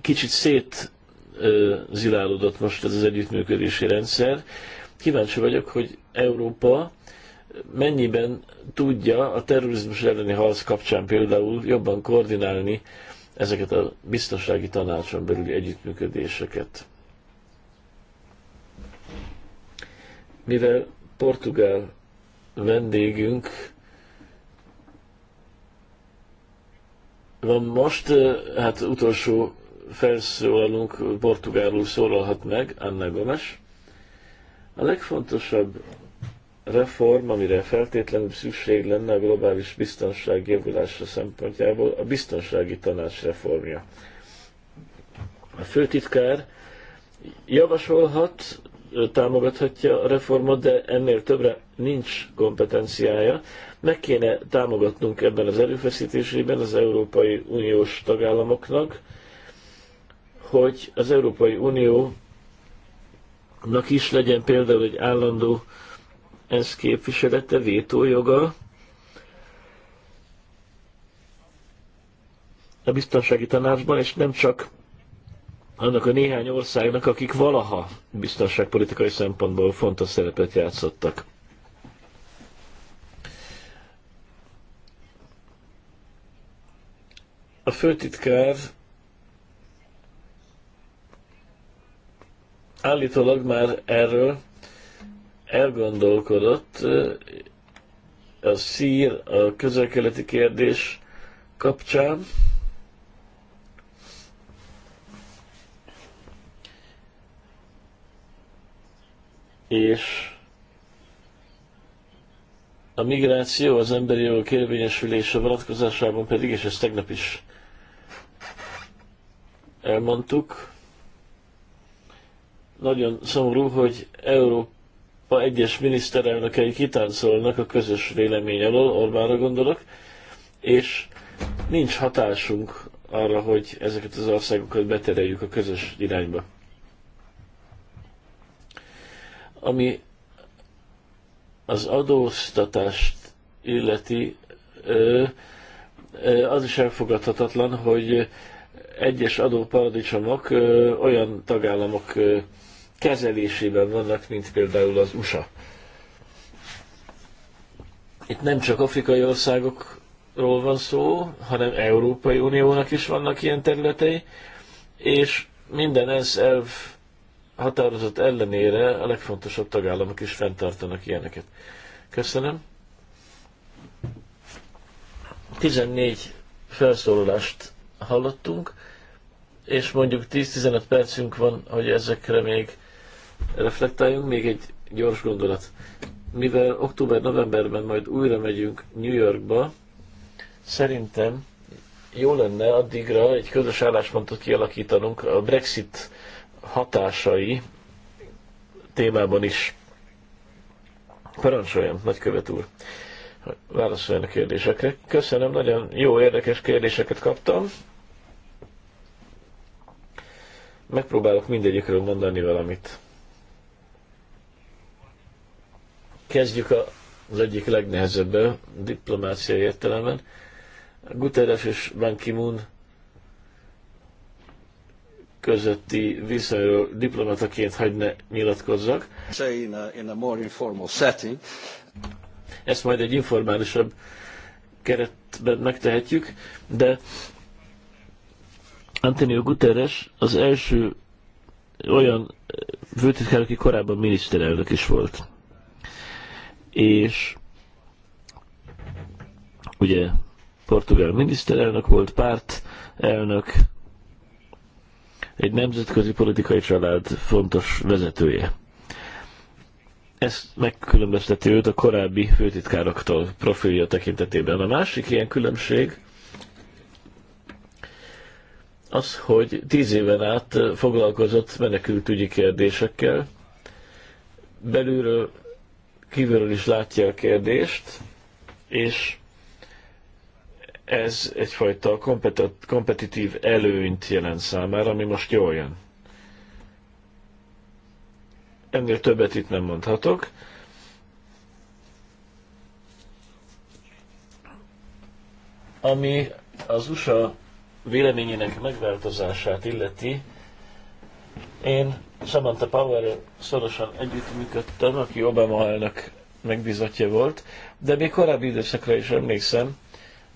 Kicsit szét zilálódott most ez az együttműködési rendszer. Kíváncsi vagyok, hogy Európa mennyiben tudja a terrorizmus elleni harc kapcsán például jobban koordinálni ezeket a biztonsági tanácson belüli együttműködéseket. Mivel portugál vendégünk van most, hát utolsó felszólalunk portugálul szólalhat meg, Anna Gomes. A legfontosabb reform, amire feltétlenül szükség lenne a globális biztonság javulása szempontjából, a biztonsági tanács reformja. A főtitkár javasolhat, támogathatja a reformot, de ennél többre nincs kompetenciája. Meg kéne támogatnunk ebben az előfeszítésében az Európai Uniós tagállamoknak, hogy az Európai Uniónak is legyen például egy állandó ENSZ képviselete, vétójoga, a biztonsági tanácsban, és nem csak annak a néhány országnak, akik valaha biztonságpolitikai szempontból fontos szerepet játszottak. A főtitkár állítólag már erről elgondolkodott eh, a szír, a közelkeleti kérdés kapcsán, és a migráció, az emberi jogok érvényesülése vonatkozásában pedig, és ezt tegnap is elmondtuk, nagyon szomorú, hogy Európa egyes miniszterelnökei kitáncolnak a közös vélemény alól, Orbánra gondolok, és nincs hatásunk arra, hogy ezeket az országokat betereljük a közös irányba. Ami az adóztatást illeti, az is elfogadhatatlan, hogy egyes adóparadicsomok olyan tagállamok kezelésében vannak, mint például az USA. Itt nem csak afrikai országokról van szó, hanem Európai Uniónak is vannak ilyen területei, és minden ENSZ elv határozat ellenére a legfontosabb tagállamok is fenntartanak ilyeneket. Köszönöm. 14 felszólalást hallottunk, és mondjuk 10-15 percünk van, hogy ezekre még reflektáljunk. Még egy gyors gondolat. Mivel október-novemberben majd újra megyünk New Yorkba, szerintem jó lenne addigra egy közös álláspontot kialakítanunk a Brexit hatásai témában is. Parancsoljam, nagykövet úr, válaszoljon a kérdésekre. Köszönöm, nagyon jó, érdekes kérdéseket kaptam. Megpróbálok mindegyikről mondani valamit. Kezdjük az egyik legnehezebb diplomáciai értelemben. Guterres és Ban Ki-moon közötti viszonyról diplomataként hagyne nyilatkozzak. In a, in a more informal setting. Ezt majd egy informálisabb keretben megtehetjük, de Antonio Guterres az első olyan főtitkár, aki korábban miniszterelnök is volt. És ugye portugál miniszterelnök volt, párt elnök, egy nemzetközi politikai család fontos vezetője. Ezt megkülönbözteti őt a korábbi főtitkároktól profilja tekintetében. A másik ilyen különbség az, hogy tíz éven át foglalkozott menekültügyi kérdésekkel, belülről, kívülről is látja a kérdést, és ez egyfajta kompetitív előnyt jelent számára, ami most jól jön. Ennél többet itt nem mondhatok. Ami az USA véleményének megváltozását illeti, én Samantha Power szorosan együttműködtem, aki Obama elnök megbizatja volt, de még korábbi időszakra is emlékszem,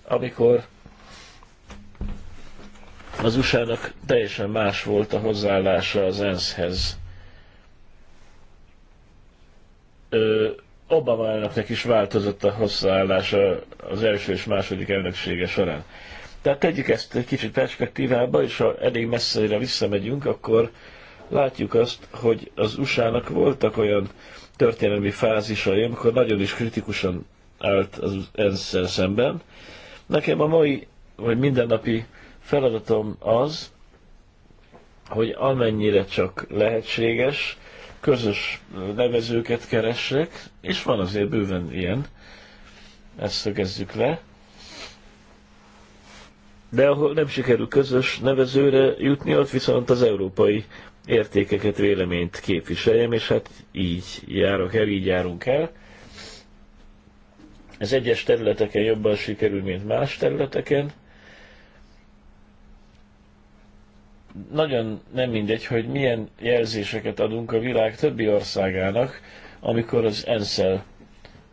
amikor az usa teljesen más volt a hozzáállása az ENSZ-hez. Obama is változott a hozzáállása az első és második elnöksége során. Tehát tegyük ezt egy kicsit perspektívába, és ha elég messzeire visszamegyünk, akkor látjuk azt, hogy az USA-nak voltak olyan történelmi fázisai, amikor nagyon is kritikusan állt az ensz szemben, Nekem a mai, vagy mindennapi feladatom az, hogy amennyire csak lehetséges, közös nevezőket keressek, és van azért bőven ilyen, ezt szögezzük le. De ahol nem sikerül közös nevezőre jutni, ott viszont az európai értékeket, véleményt képviseljem, és hát így járok el, így járunk el. Ez egyes területeken jobban sikerül, mint más területeken. Nagyon nem mindegy, hogy milyen jelzéseket adunk a világ többi országának, amikor az ensz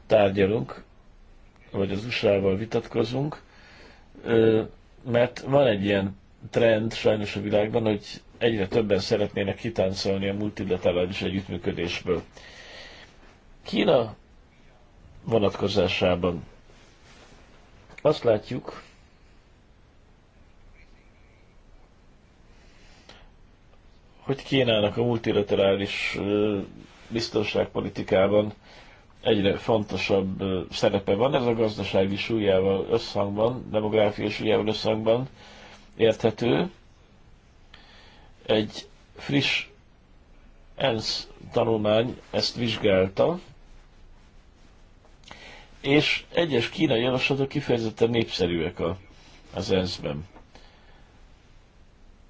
tárgyalunk, vagy az USA-val vitatkozunk, mert van egy ilyen trend sajnos a világban, hogy egyre többen szeretnének kitáncolni a multilaterális együttműködésből. Kína vonatkozásában. Azt látjuk, hogy Kínának a multilaterális biztonságpolitikában egyre fontosabb szerepe van. Ez a gazdasági súlyával összhangban, demográfiai súlyával összhangban érthető. Egy friss ENSZ tanulmány ezt vizsgálta, és egyes kínai javaslatok kifejezetten népszerűek a, az ENSZ-ben.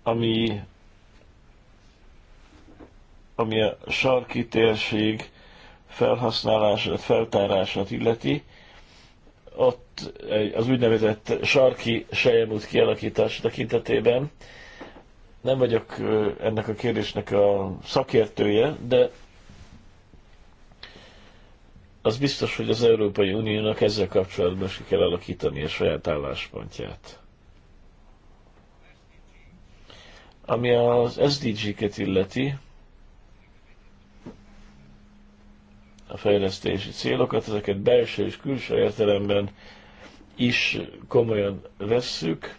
Ami, ami a sarki térség felhasználását, feltárását illeti, ott az úgynevezett sarki sejemút kialakítása tekintetében nem vagyok ennek a kérdésnek a szakértője, de az biztos, hogy az Európai Uniónak ezzel kapcsolatban is kell alakítani a saját álláspontját. Ami az SDG-ket illeti, a fejlesztési célokat, ezeket belső és külső értelemben is komolyan vesszük,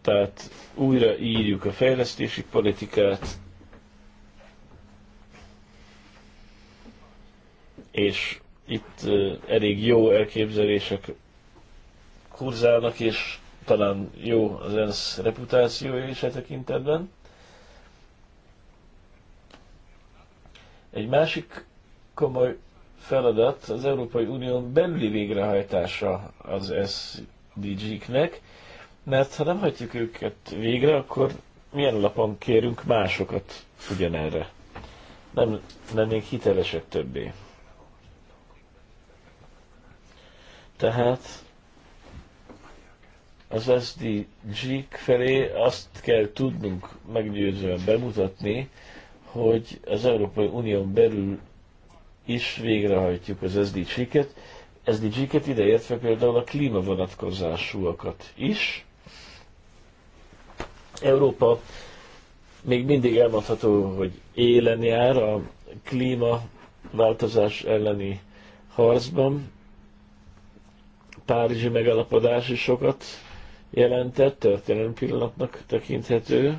tehát újra írjuk a fejlesztési politikát, és itt elég jó elképzelések kurzálnak, és talán jó az ENSZ reputációja is e tekintetben. Egy másik komoly feladat az Európai Unión belüli végrehajtása az SDG-knek, mert ha nem hagyjuk őket végre, akkor milyen alapon kérünk másokat ugyanerre? Nem lennénk hitelesek többé. Tehát az sdg felé azt kell tudnunk meggyőzően bemutatni, hogy az Európai Unión belül is végrehajtjuk az SDG-ket, SDG-ket ideértve például a klíma vonatkozásúakat is. Európa még mindig elmondható, hogy élen jár a klímaváltozás elleni harcban, Párizsi megalapodás is sokat jelentett, történelmi pillanatnak tekinthető.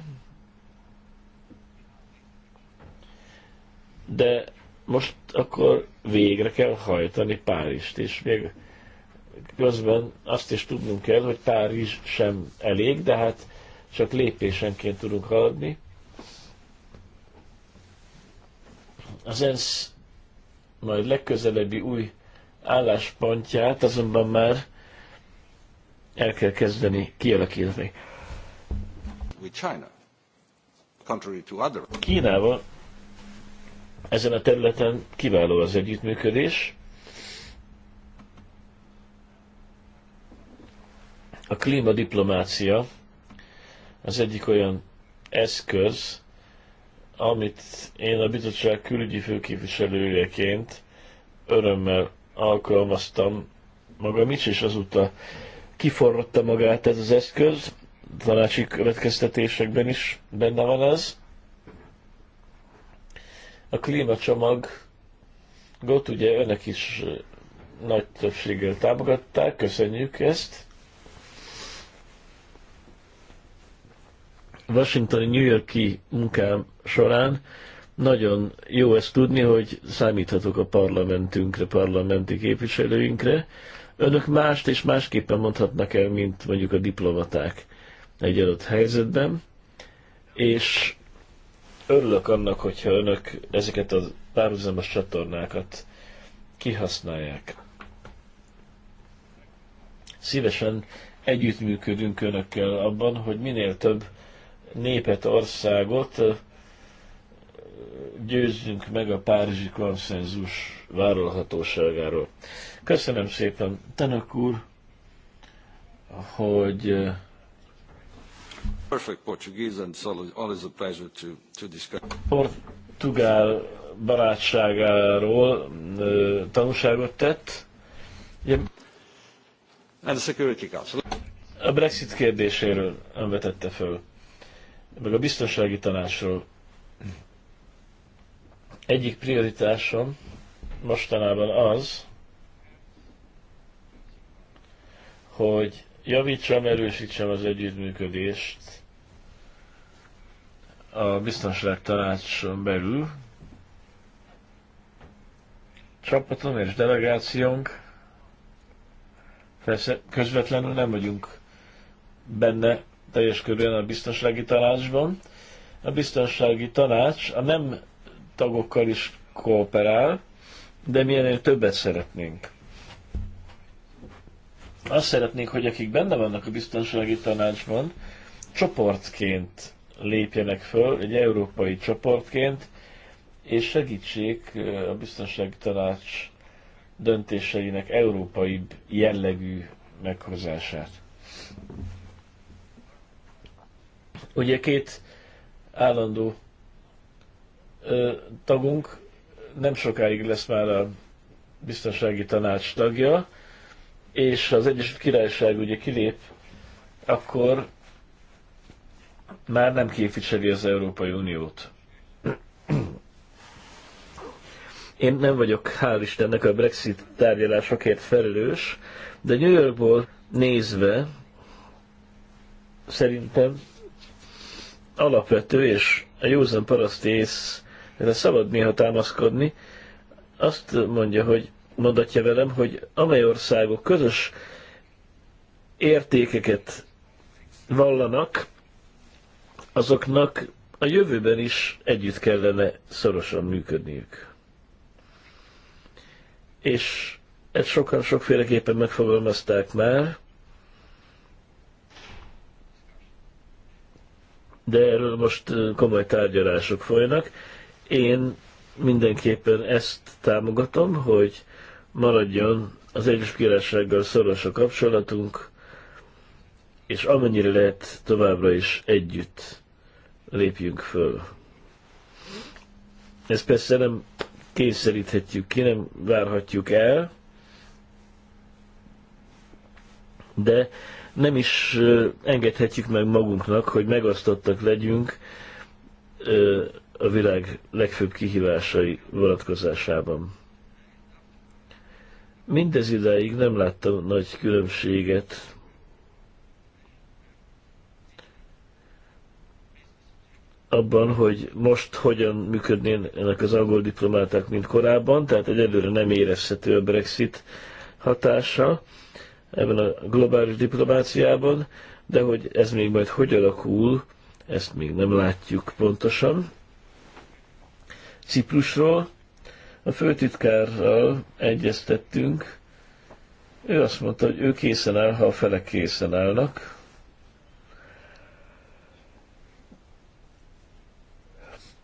De most akkor végre kell hajtani Párizst, és még közben azt is tudnunk kell, hogy Párizs sem elég, de hát csak lépésenként tudunk haladni. Az ENSZ majd legközelebbi új álláspontját azonban már el kell kezdeni kialakítani. Kínával ezen a területen kiváló az együttműködés. A klímadiplomácia az egyik olyan eszköz, amit én a bizottság külügyi főképviselőjeként örömmel alkalmaztam magam is, és azóta kiforrotta magát ez az eszköz, tanácsi következtetésekben is benne van ez. A klímacsomagot ugye önök is nagy többséggel támogatták, köszönjük ezt. Washingtoni New Yorki munkám során nagyon jó ezt tudni, hogy számíthatok a parlamentünkre, parlamenti képviselőinkre. Önök mást és másképpen mondhatnak el, mint mondjuk a diplomaták egy adott helyzetben, és örülök annak, hogyha önök ezeket a párhuzamos csatornákat kihasználják. Szívesen együttműködünk önökkel abban, hogy minél több népet, országot győzzünk meg a párizsi konszenzus vállalhatóságáról. Köszönöm szépen, Tanak úr, hogy eh, Perfect Portuguese and always a pleasure to, to discuss. Portugál barátságáról eh, tanúságot tett. And the Security Council. A Brexit kérdéséről ön vetette föl, meg a biztonsági tanácsról egyik prioritásom mostanában az, hogy javítsam, erősítsem az együttműködést a biztonság tanácson belül. Csapatom és delegációnk, persze közvetlenül nem vagyunk benne teljes körülön a biztonsági tanácsban. A biztonsági tanács a nem tagokkal is kooperál, de milyen többet szeretnénk. Azt szeretnénk, hogy akik benne vannak a biztonsági tanácsban, csoportként lépjenek föl, egy európai csoportként, és segítsék a biztonsági tanács döntéseinek európai jellegű meghozását. Ugye két állandó tagunk nem sokáig lesz már a biztonsági tanács tagja, és az Egyesült Királyság ugye kilép, akkor már nem képviseli az Európai Uniót. Én nem vagyok, hál' Istennek, a Brexit tárgyalásokért felelős, de New Yorkból nézve szerintem alapvető és a józan parasztész erre szabad néha támaszkodni, azt mondja, hogy mondatja velem, hogy amely országok közös értékeket vallanak, azoknak a jövőben is együtt kellene szorosan működniük. És ezt sokan sokféleképpen megfogalmazták már, de erről most komoly tárgyalások folynak. Én mindenképpen ezt támogatom, hogy maradjon az Egyes Királysággal szoros a kapcsolatunk, és amennyire lehet továbbra is együtt lépjünk föl. Ezt persze nem kényszeríthetjük ki, nem várhatjuk el, de nem is engedhetjük meg magunknak, hogy megosztottak legyünk a világ legfőbb kihívásai vonatkozásában. Mindez idáig nem láttam nagy különbséget abban, hogy most hogyan működnének az angol diplomáták, mint korábban, tehát egyelőre nem érezhető a Brexit hatása ebben a globális diplomáciában, de hogy ez még majd hogy alakul, ezt még nem látjuk pontosan. Ciprusról. A főtitkárral egyeztettünk, ő azt mondta, hogy ő készen áll, ha a felek készen állnak.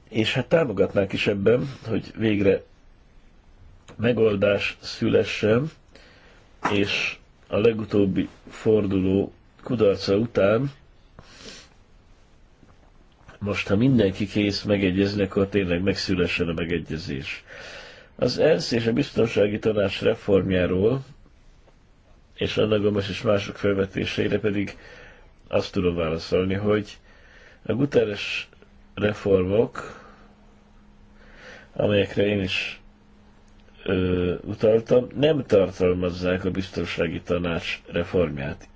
És hát támogatnák is ebben, hogy végre megoldás szülessen, és a legutóbbi forduló kudarca után most, ha mindenki kész megegyezni, akkor tényleg megszülessen a megegyezés. Az ENSZ és a Biztonsági Tanács reformjáról, és annak most is mások felvetéseire pedig azt tudom válaszolni, hogy a guteres reformok, amelyekre én is ö, utaltam, nem tartalmazzák a biztonsági tanács reformját.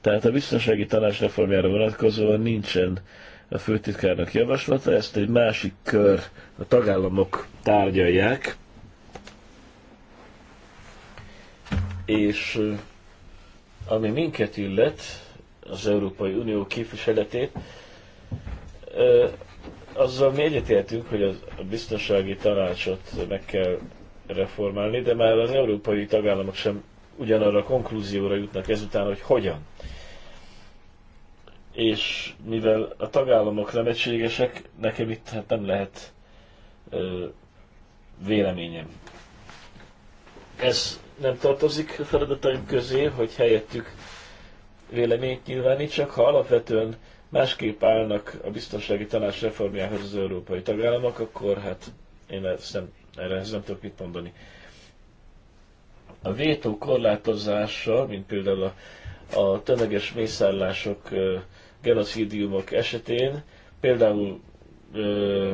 Tehát a biztonsági tanács reformjára vonatkozóan nincsen a főtitkárnak javaslata, ezt egy másik kör, a tagállamok tárgyalják, és ami minket illet, az Európai Unió képviseletét, azzal mi egyetértünk, hogy a biztonsági tanácsot meg kell reformálni, de már az európai tagállamok sem ugyanarra a konklúzióra jutnak ezután, hogy hogyan és mivel a tagállamok nem egységesek, nekem itt hát nem lehet ö, véleményem. Ez nem tartozik a feladataim közé, hogy helyettük véleményt nyilvánítsak, ha alapvetően másképp állnak a biztonsági tanács reformjához az európai tagállamok, akkor hát én ezt nem, erre nem tudok mit mondani. A vétó korlátozása, mint például a, a tömeges ö, genocidiumok esetén, például ö,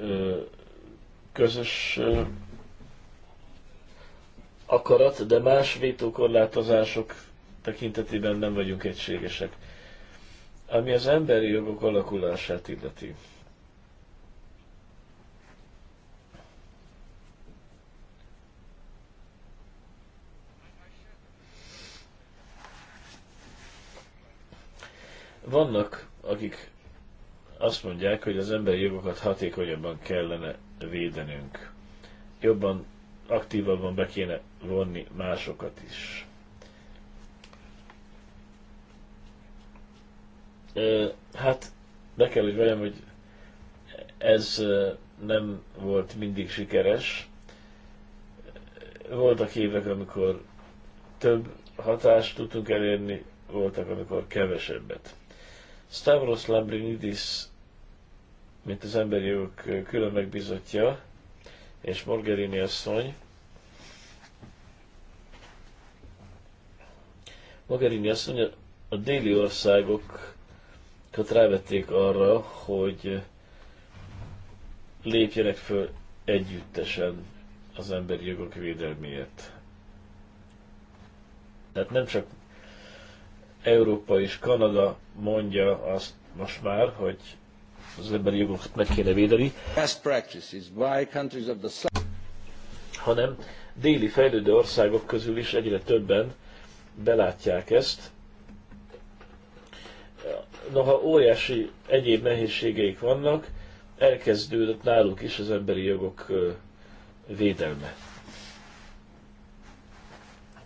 ö, közös ö, akarat, de más vétókorlátozások tekintetében nem vagyunk egységesek. Ami az emberi jogok alakulását illeti. Vannak, akik azt mondják, hogy az emberi jogokat hatékonyabban kellene védenünk. Jobban, aktívabban be kéne vonni másokat is. Hát, be kell, hogy velem, hogy ez nem volt mindig sikeres. Voltak évek, amikor több hatást tudtunk elérni, voltak, amikor kevesebbet. Stavros Lambrinidis, mint az emberi jogok külön megbizotja, és Morgerini asszony, Mogherini asszony a déli országokat rávették arra, hogy lépjenek föl együttesen az emberi jogok védelméért. Tehát nem csak Európa és Kanada mondja azt most már, hogy az emberi jogokat meg kéne védeni, hanem déli fejlődő országok közül is egyre többen belátják ezt. Noha óriási egyéb nehézségeik vannak, elkezdődött náluk is az emberi jogok védelme.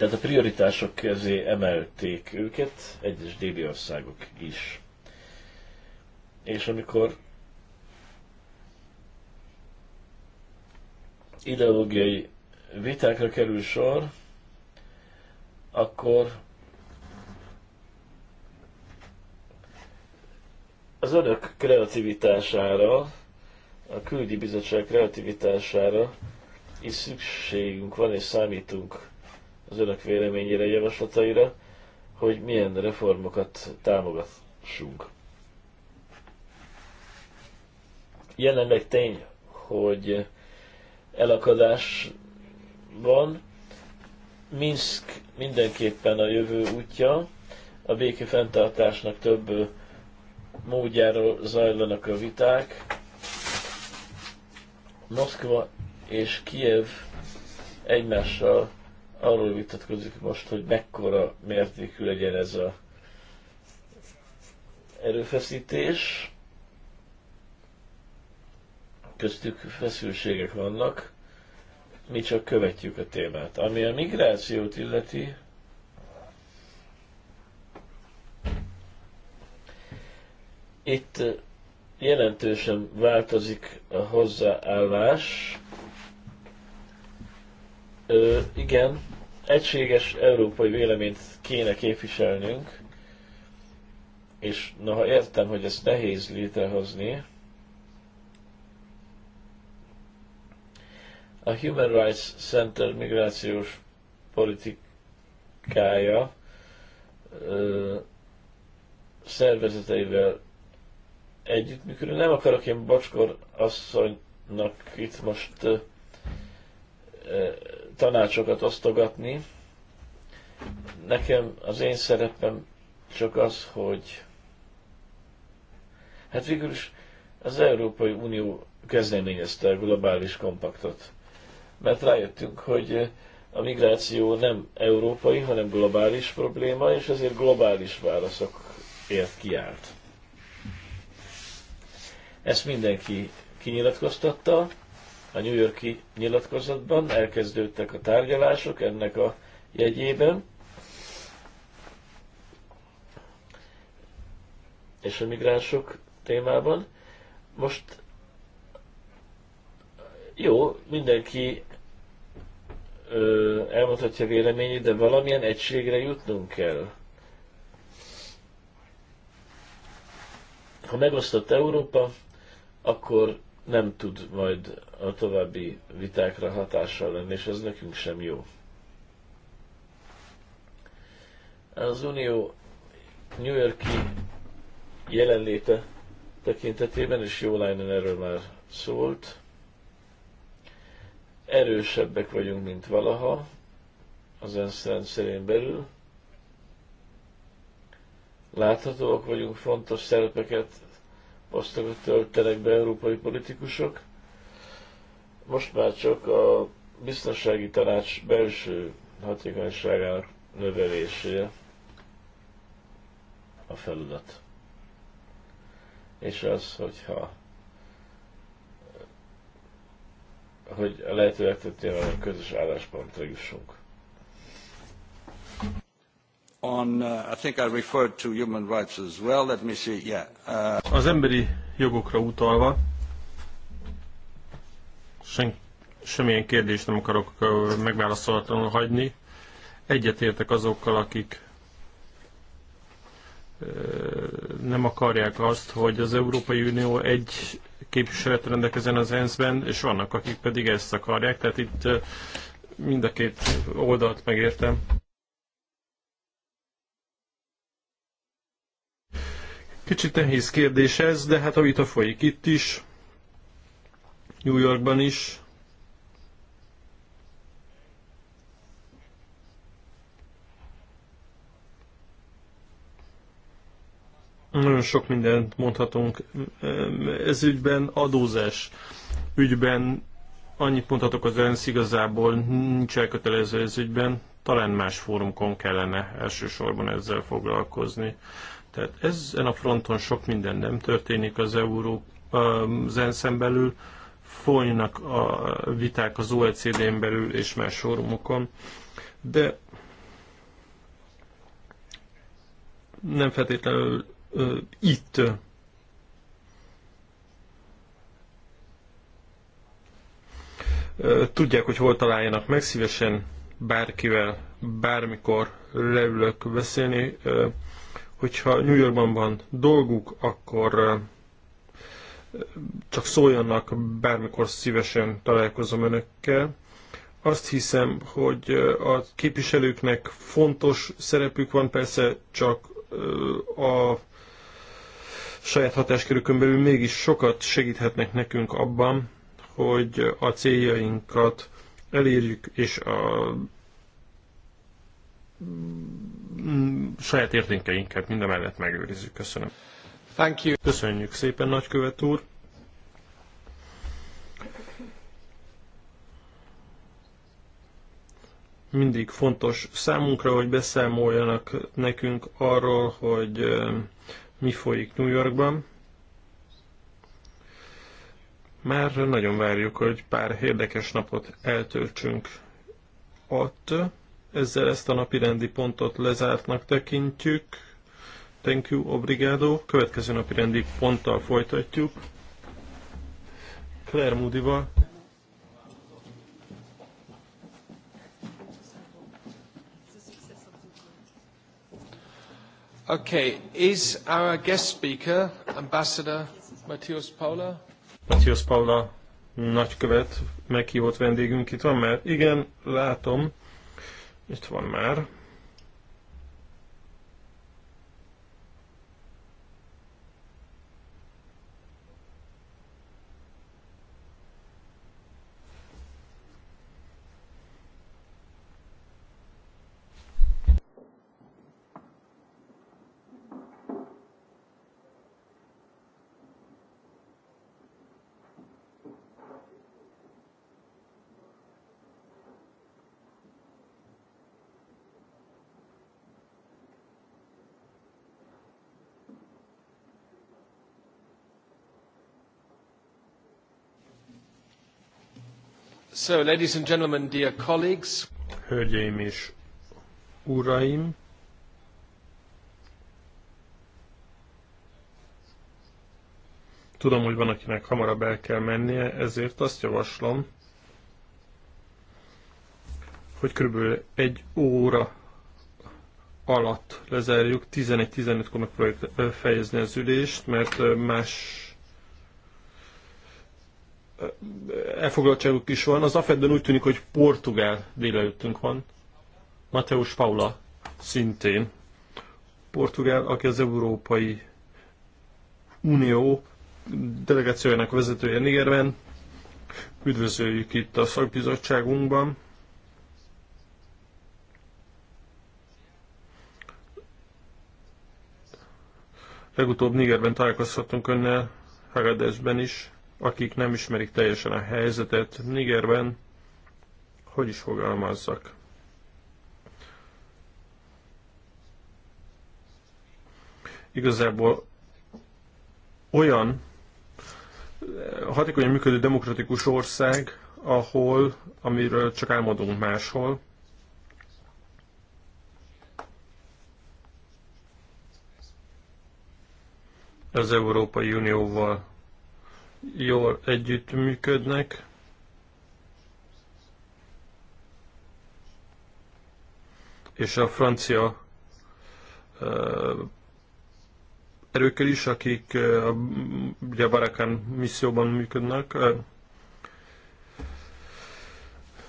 Tehát a prioritások közé emelték őket egyes déli országok is. És amikor ideológiai vitákra kerül sor, akkor az önök kreativitására, a küldi bizottság kreativitására is szükségünk van és számítunk az önök véleményére, javaslataira, hogy milyen reformokat támogassunk. Jelenleg tény, hogy elakadás van. Minsk mindenképpen a jövő útja. A béke fenntartásnak több módjáról zajlanak a viták. Moszkva és Kiev egymással arról vitatkozik most, hogy mekkora mértékű legyen ez a erőfeszítés. Köztük feszültségek vannak, mi csak követjük a témát. Ami a migrációt illeti, itt jelentősen változik a hozzáállás. Ö, igen, egységes európai véleményt kéne képviselnünk, és ha értem, hogy ezt nehéz létrehozni, a Human Rights Center migrációs politikája ö, szervezeteivel együttműködő. Nem akarok én bacskor asszonynak itt most tanácsokat osztogatni. Nekem az én szerepem csak az, hogy hát végül is az Európai Unió kezdeményezte a globális kompaktot. Mert rájöttünk, hogy a migráció nem európai, hanem globális probléma, és ezért globális válaszokért kiállt. Ezt mindenki kinyilatkoztatta, a New Yorki nyilatkozatban, elkezdődtek a tárgyalások ennek a jegyében, és a migránsok témában. Most jó, mindenki ö, elmondhatja véleményét, de valamilyen egységre jutnunk kell. Ha megosztott Európa, akkor nem tud majd a további vitákra hatással lenni, és ez nekünk sem jó. Az Unió New Yorki jelenléte tekintetében, és jó lányan erről már szólt, erősebbek vagyunk, mint valaha az ENSZ rendszerén belül, láthatóak vagyunk, fontos szerepeket osztagot töltenek be európai politikusok. Most már csak a biztonsági tanács belső hatékonyságának növelésére a feladat. És az, hogyha hogy a lehető legtöbb a közös álláspontra jussunk. On, uh, I think I referred to human rights as well. Let me see. Yeah. Uh... Az emberi jogokra utalva, sen, semmilyen kérdést nem akarok megválaszolatlanul hagyni. Egyetértek azokkal, akik nem akarják azt, hogy az Európai Unió egy képviselet rendelkezzen az ENSZ-ben, és vannak, akik pedig ezt akarják, tehát itt mind a két oldalt megértem. Kicsit nehéz kérdés ez, de hát a vita folyik itt is, New Yorkban is. Nagyon sok mindent mondhatunk ez ügyben, adózás ügyben, annyit mondhatok az ENSZ igazából, nincs elkötelező ez ügyben, talán más fórumkon kellene elsősorban ezzel foglalkozni. Tehát ezen a fronton sok minden nem történik az Euró az ensz belül, folynak a viták az OECD-n belül és más fórumokon, de nem feltétlenül uh, itt tudják, hogy hol találjanak meg, szívesen bárkivel, bármikor leülök beszélni hogyha New Yorkban van dolguk, akkor csak szóljanak, bármikor szívesen találkozom önökkel. Azt hiszem, hogy a képviselőknek fontos szerepük van, persze csak a saját hatáskörükön belül mégis sokat segíthetnek nekünk abban, hogy a céljainkat elérjük, és a Mm, mm, saját értékeinket mindemellett megőrizzük. Köszönöm. Thank you. Köszönjük szépen, nagykövet úr. Mindig fontos számunkra, hogy beszámoljanak nekünk arról, hogy mi folyik New Yorkban. Már nagyon várjuk, hogy pár érdekes napot eltöltsünk ott. Ezzel ezt a napi rendi pontot lezártnak tekintjük. Thank you, obrigado. Következő napi rendi ponttal folytatjuk. Claire moody -val. Okay, is our guest speaker Ambassador Matthias Paula? Matthias Paula nagykövet meghívott vendégünk itt van, mert igen, látom. Itt van már. So, ladies and gentlemen, dear colleagues. Hölgyeim és uraim, Tudom, hogy van, akinek hamarabb el kell mennie, ezért azt javaslom, hogy körülbelül egy óra alatt lezárjuk, 11-15-kor fejezni az ülést, mert más elfoglaltságuk is van. Az AFED-ben úgy tűnik, hogy Portugál délelőttünk van. Mateus Paula szintén. Portugál, aki az Európai Unió delegációjának vezetője Nigerben. Üdvözöljük itt a szakbizottságunkban. Legutóbb Nigerben találkozhatunk önnel, Hagadesben is akik nem ismerik teljesen a helyzetet Nigerben, hogy is fogalmazzak. Igazából olyan eh, hatékonyan működő demokratikus ország, ahol, amiről csak álmodunk máshol, az Európai Unióval jól együttműködnek. És a francia erőkkel is, akik a Gyabarakán misszióban működnek.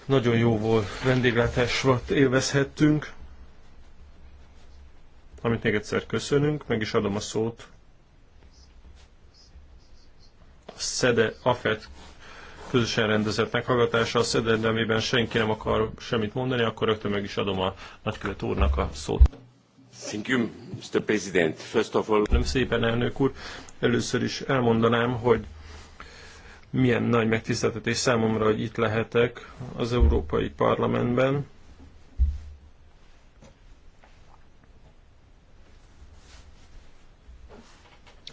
Nagyon jó volt vendéglátás volt élvezhettünk, amit még egyszer köszönünk, meg is adom a szót SZEDE AFET közösen rendezett meghallgatása a SZEDE, amiben senki nem akar semmit mondani, akkor rögtön meg is adom a nagykövet úrnak a szót. Thank you, Mr. President. First of all... Nem szépen, elnök úr. Először is elmondanám, hogy milyen nagy megtiszteltetés számomra, hogy itt lehetek az Európai Parlamentben.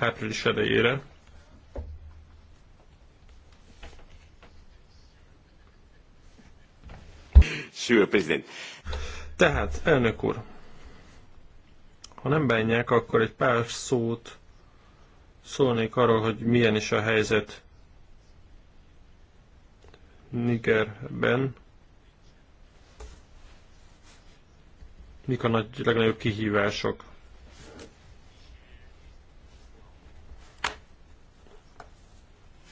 április elejére Monsieur President. Tehát, elnök úr, ha nem bánják, akkor egy pár szót szólnék arról, hogy milyen is a helyzet Nigerben. Mik a nagy, legnagyobb kihívások?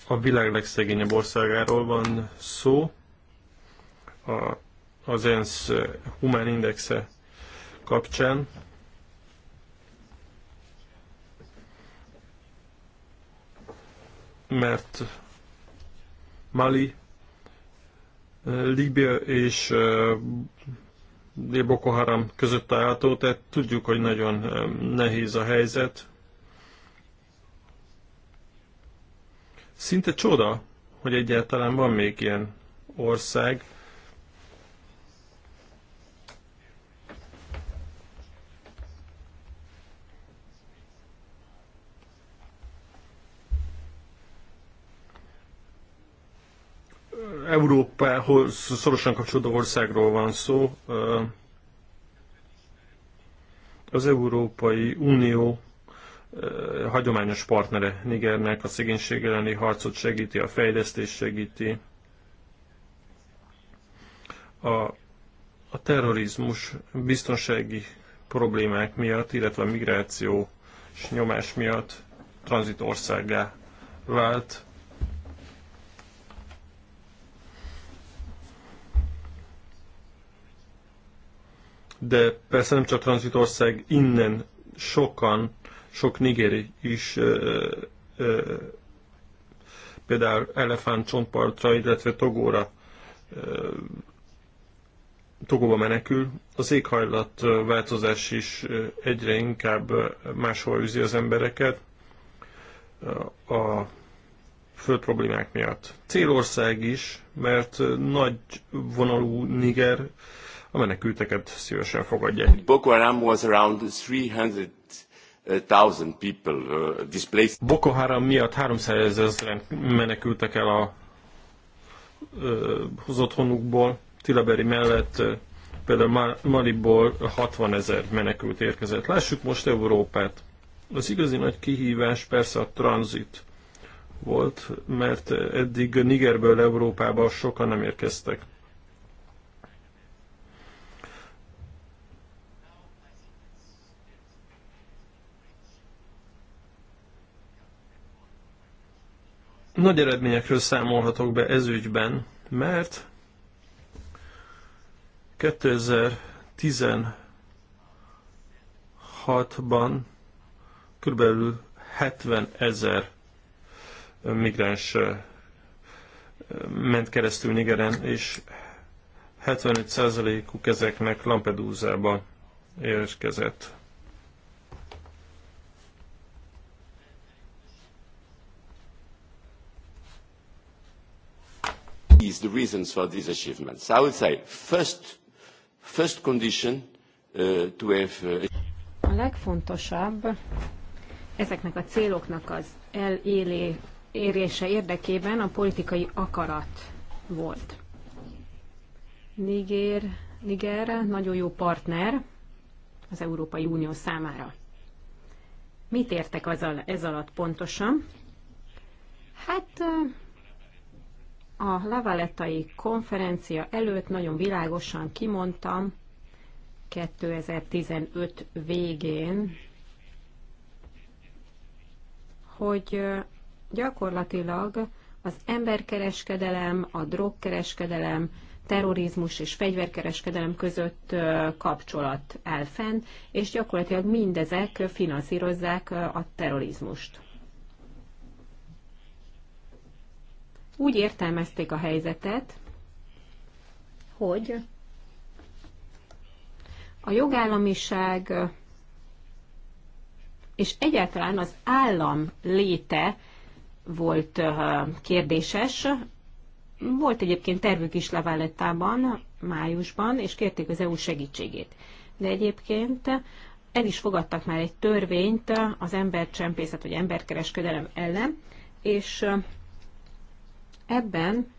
A világ legszegényebb országáról van szó. A az ENSZ eh, human Indexe kapcsán. Mert Mali, eh, Líbia és eh, Boko Haram között található, tehát tudjuk, hogy nagyon nehéz a helyzet. Szinte csoda, hogy egyáltalán van még ilyen ország, Európához szorosan kapcsolódó országról van szó. Az Európai Unió eh, hagyományos partnere Nigernek, a szegénység elleni harcot segíti, a fejlesztést segíti, a, a terrorizmus biztonsági problémák miatt, illetve a migráció és nyomás miatt tranzitországá vált de persze nem csak tranzitország, innen sokan, sok nigéri is ö, ö, például elefánt csontpartra, illetve Togóra ö, Togóba menekül. Az éghajlat változás is egyre inkább máshol üzi az embereket a föld problémák miatt. Célország is, mert nagy vonalú Niger a menekülteket szívesen fogadják. Boko Haram was around 300 people uh, displaced. Boko Haram miatt 300 ezeren menekültek el a hozott honukból, Tilaberi mellett például Maliból 60 ezer menekült érkezett. Lássuk most Európát. Az igazi nagy kihívás persze a tranzit volt, mert eddig Nigerből Európába sokan nem érkeztek. Nagy eredményekről számolhatok be ezügyben, mert 2016-ban körülbelül 70 ezer migráns ment keresztül Nigeren, és 75%-uk ezeknek Lampedusa-ba érkezett. is the reasons for these achievements? I would say first, first condition uh, to have. Uh, a legfontosabb ezeknek a céloknak az elérése érdekében a politikai akarat volt. Niger, Niger nagyon jó partner az Európai Unió számára. Mit értek az, ez alatt pontosan? Hát a lavalettai konferencia előtt nagyon világosan kimondtam, 2015 végén, hogy gyakorlatilag az emberkereskedelem, a drogkereskedelem, terrorizmus és fegyverkereskedelem között kapcsolat áll fenn, és gyakorlatilag mindezek finanszírozzák a terrorizmust. úgy értelmezték a helyzetet, hogy a jogállamiság és egyáltalán az állam léte volt kérdéses. Volt egyébként tervük is Lavalettában, májusban, és kérték az EU segítségét. De egyébként el is fogadtak már egy törvényt az embercsempészet vagy emberkereskedelem ellen, és Ebben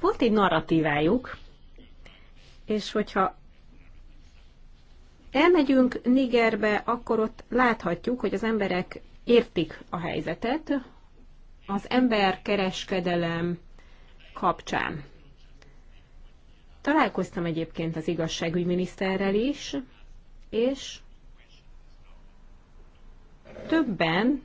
volt egy narratívájuk, és hogyha elmegyünk Nigerbe, akkor ott láthatjuk, hogy az emberek értik a helyzetet az ember kereskedelem kapcsán. Találkoztam egyébként az igazságügyminiszterrel is, és többen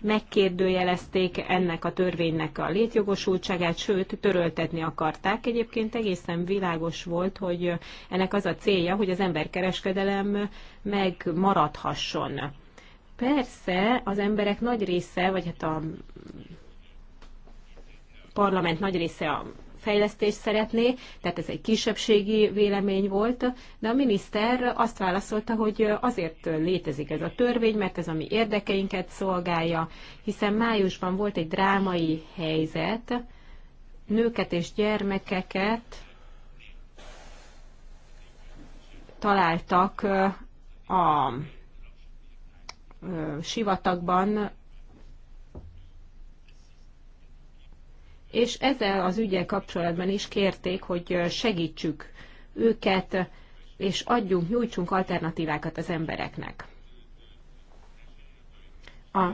megkérdőjelezték ennek a törvénynek a létjogosultságát, sőt, töröltetni akarták. Egyébként egészen világos volt, hogy ennek az a célja, hogy az emberkereskedelem megmaradhasson. Persze az emberek nagy része, vagy hát a parlament nagy része a fejlesztést szeretné, tehát ez egy kisebbségi vélemény volt, de a miniszter azt válaszolta, hogy azért létezik ez a törvény, mert ez a mi érdekeinket szolgálja, hiszen májusban volt egy drámai helyzet, nőket és gyermekeket találtak a sivatagban és ezzel az ügyel kapcsolatban is kérték, hogy segítsük őket, és adjunk, nyújtsunk alternatívákat az embereknek. A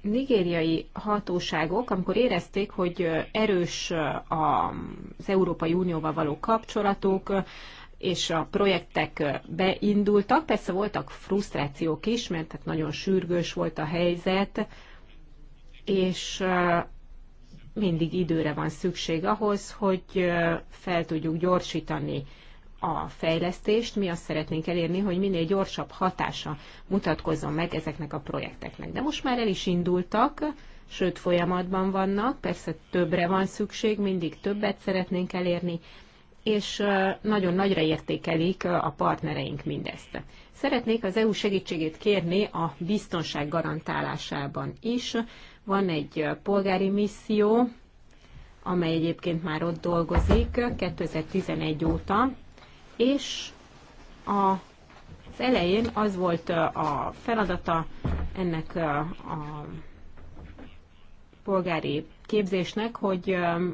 nigériai hatóságok, amikor érezték, hogy erős az Európai Unióval való kapcsolatok, és a projektek beindultak, persze voltak frusztrációk is, mert hát nagyon sürgős volt a helyzet, és mindig időre van szükség ahhoz, hogy fel tudjuk gyorsítani a fejlesztést, mi azt szeretnénk elérni, hogy minél gyorsabb hatása mutatkozzon meg ezeknek a projekteknek. De most már el is indultak, sőt folyamatban vannak, persze többre van szükség, mindig többet szeretnénk elérni, és nagyon nagyra értékelik a partnereink mindezt. Szeretnék az EU segítségét kérni a biztonság garantálásában is, van egy polgári misszió, amely egyébként már ott dolgozik 2011 óta, és a, az elején az volt a feladata ennek a polgári képzésnek, hogy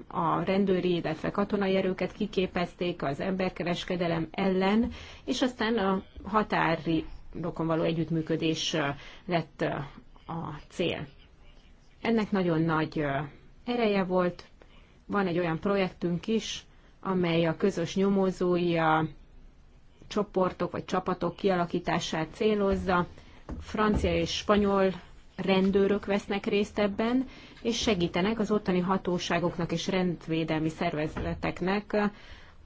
a rendőri, illetve katonai erőket kiképezték az emberkereskedelem ellen, és aztán a határi rokon való együttműködés lett a cél. Ennek nagyon nagy ereje volt. Van egy olyan projektünk is, amely a közös nyomozói a csoportok vagy csapatok kialakítását célozza. Francia és spanyol rendőrök vesznek részt ebben, és segítenek az ottani hatóságoknak és rendvédelmi szervezeteknek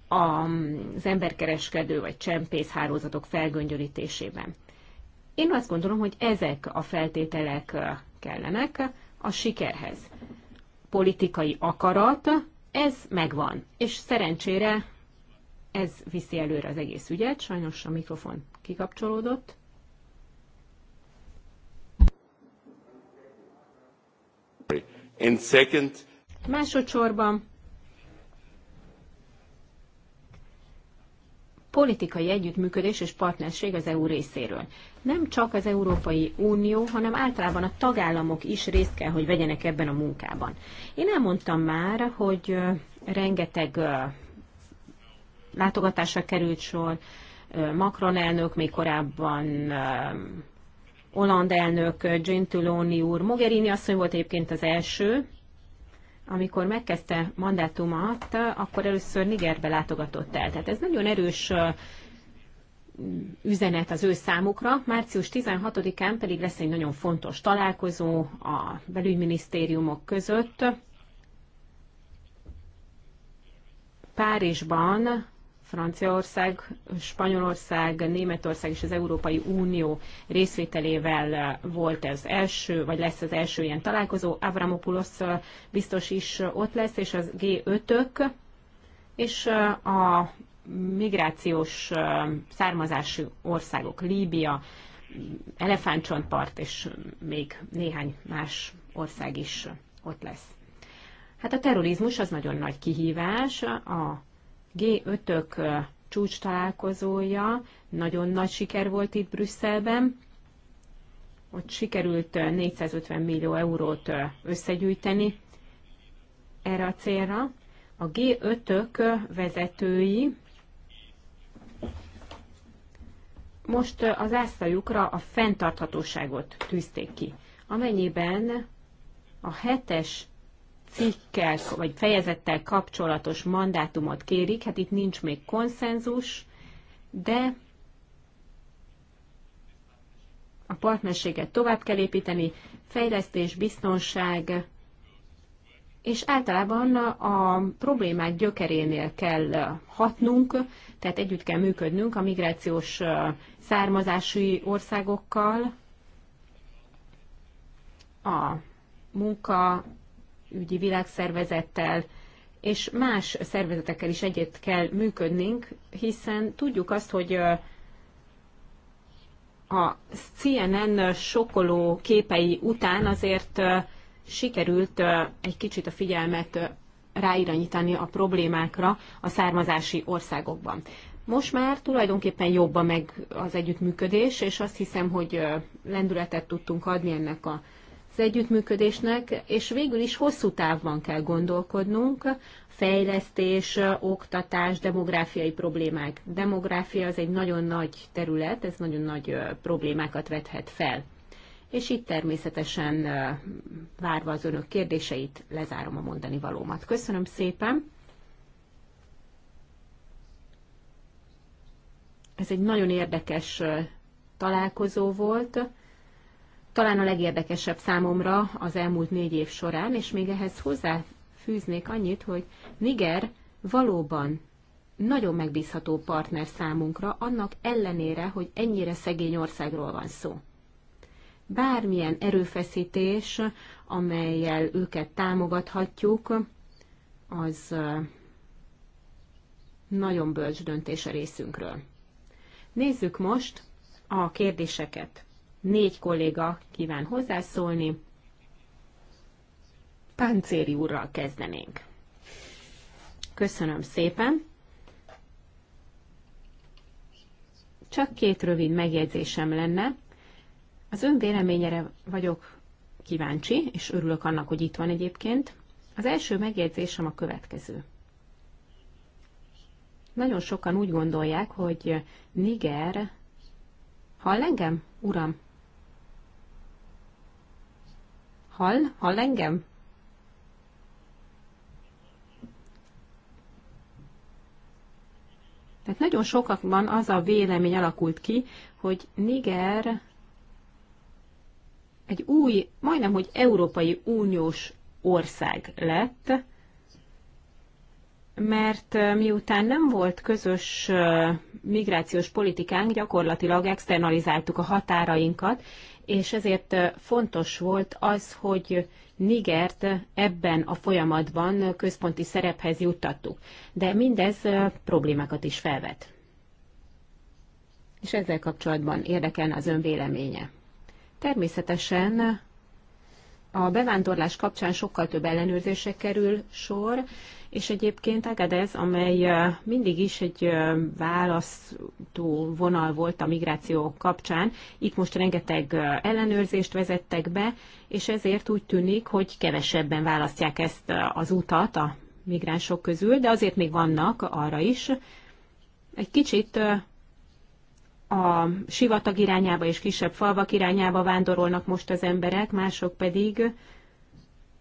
az emberkereskedő vagy csempész hálózatok felgöngyölítésében. Én azt gondolom, hogy ezek a feltételek kellenek, a sikerhez. Politikai akarat, ez megvan, és szerencsére ez viszi előre az egész ügyet. Sajnos a mikrofon kikapcsolódott. And second... Másodszorban politikai együttműködés és partnerség az EU részéről. Nem csak az Európai Unió, hanem általában a tagállamok is részt kell, hogy vegyenek ebben a munkában. Én elmondtam már, hogy rengeteg látogatásra került sor, Macron elnök, még korábban Holland elnök, Gentiloni úr, Mogherini asszony volt egyébként az első, amikor megkezdte mandátumát, akkor először Nigerbe látogatott el. Tehát ez nagyon erős üzenet az ő számukra. Március 16-án pedig lesz egy nagyon fontos találkozó a belügyminisztériumok között. Párizsban Franciaország, Spanyolország, Németország és az Európai Unió részvételével volt ez első, vagy lesz az első ilyen találkozó. Avramopoulos biztos is ott lesz, és az G5-ök, és a migrációs származású országok, Líbia, Elefántcsontpart és még néhány más ország is ott lesz. Hát a terrorizmus az nagyon nagy kihívás, a G5-ök csúcs találkozója nagyon nagy siker volt itt Brüsszelben. Ott sikerült 450 millió eurót összegyűjteni erre a célra. A G5-ök vezetői most az ásztaljukra a fenntarthatóságot tűzték ki. Amennyiben a hetes cikkel vagy fejezettel kapcsolatos mandátumot kérik, hát itt nincs még konszenzus, de a partnerséget tovább kell építeni, fejlesztés, biztonság, és általában a problémák gyökerénél kell hatnunk, tehát együtt kell működnünk a migrációs származási országokkal, a munka ügyi világszervezettel és más szervezetekkel is egyet kell működnünk, hiszen tudjuk azt, hogy a CNN sokkoló képei után azért sikerült egy kicsit a figyelmet ráirányítani a problémákra a származási országokban. Most már tulajdonképpen jobban meg az együttműködés, és azt hiszem, hogy lendületet tudtunk adni ennek a az együttműködésnek, és végül is hosszú távban kell gondolkodnunk, fejlesztés, oktatás, demográfiai problémák. Demográfia az egy nagyon nagy terület, ez nagyon nagy problémákat vethet fel. És itt természetesen várva az önök kérdéseit, lezárom a mondani valómat. Köszönöm szépen! Ez egy nagyon érdekes találkozó volt talán a legérdekesebb számomra az elmúlt négy év során, és még ehhez hozzáfűznék annyit, hogy Niger valóban nagyon megbízható partner számunkra, annak ellenére, hogy ennyire szegény országról van szó. Bármilyen erőfeszítés, amelyel őket támogathatjuk, az nagyon bölcs döntés a részünkről. Nézzük most a kérdéseket. Négy kolléga kíván hozzászólni. Páncéri úrral kezdenénk. Köszönöm szépen. Csak két rövid megjegyzésem lenne. Az ön véleményére vagyok kíváncsi, és örülök annak, hogy itt van egyébként. Az első megjegyzésem a következő. Nagyon sokan úgy gondolják, hogy Niger... Hall engem, uram? Hall? Hall engem? Tehát nagyon sokakban az a vélemény alakult ki, hogy Niger egy új, majdnem, hogy Európai Uniós ország lett, mert eh, miután nem volt közös eh, migrációs politikánk, gyakorlatilag externalizáltuk a határainkat, és ezért fontos volt az, hogy Nigert ebben a folyamatban központi szerephez juttattuk. De mindez problémákat is felvet. És ezzel kapcsolatban érdekelne az ön véleménye. Természetesen a bevándorlás kapcsán sokkal több ellenőrzése kerül sor, és egyébként Agadez, amely mindig is egy választó vonal volt a migráció kapcsán, itt most rengeteg ellenőrzést vezettek be, és ezért úgy tűnik, hogy kevesebben választják ezt az utat a migránsok közül, de azért még vannak arra is. Egy kicsit a sivatag irányába és kisebb falvak irányába vándorolnak most az emberek, mások pedig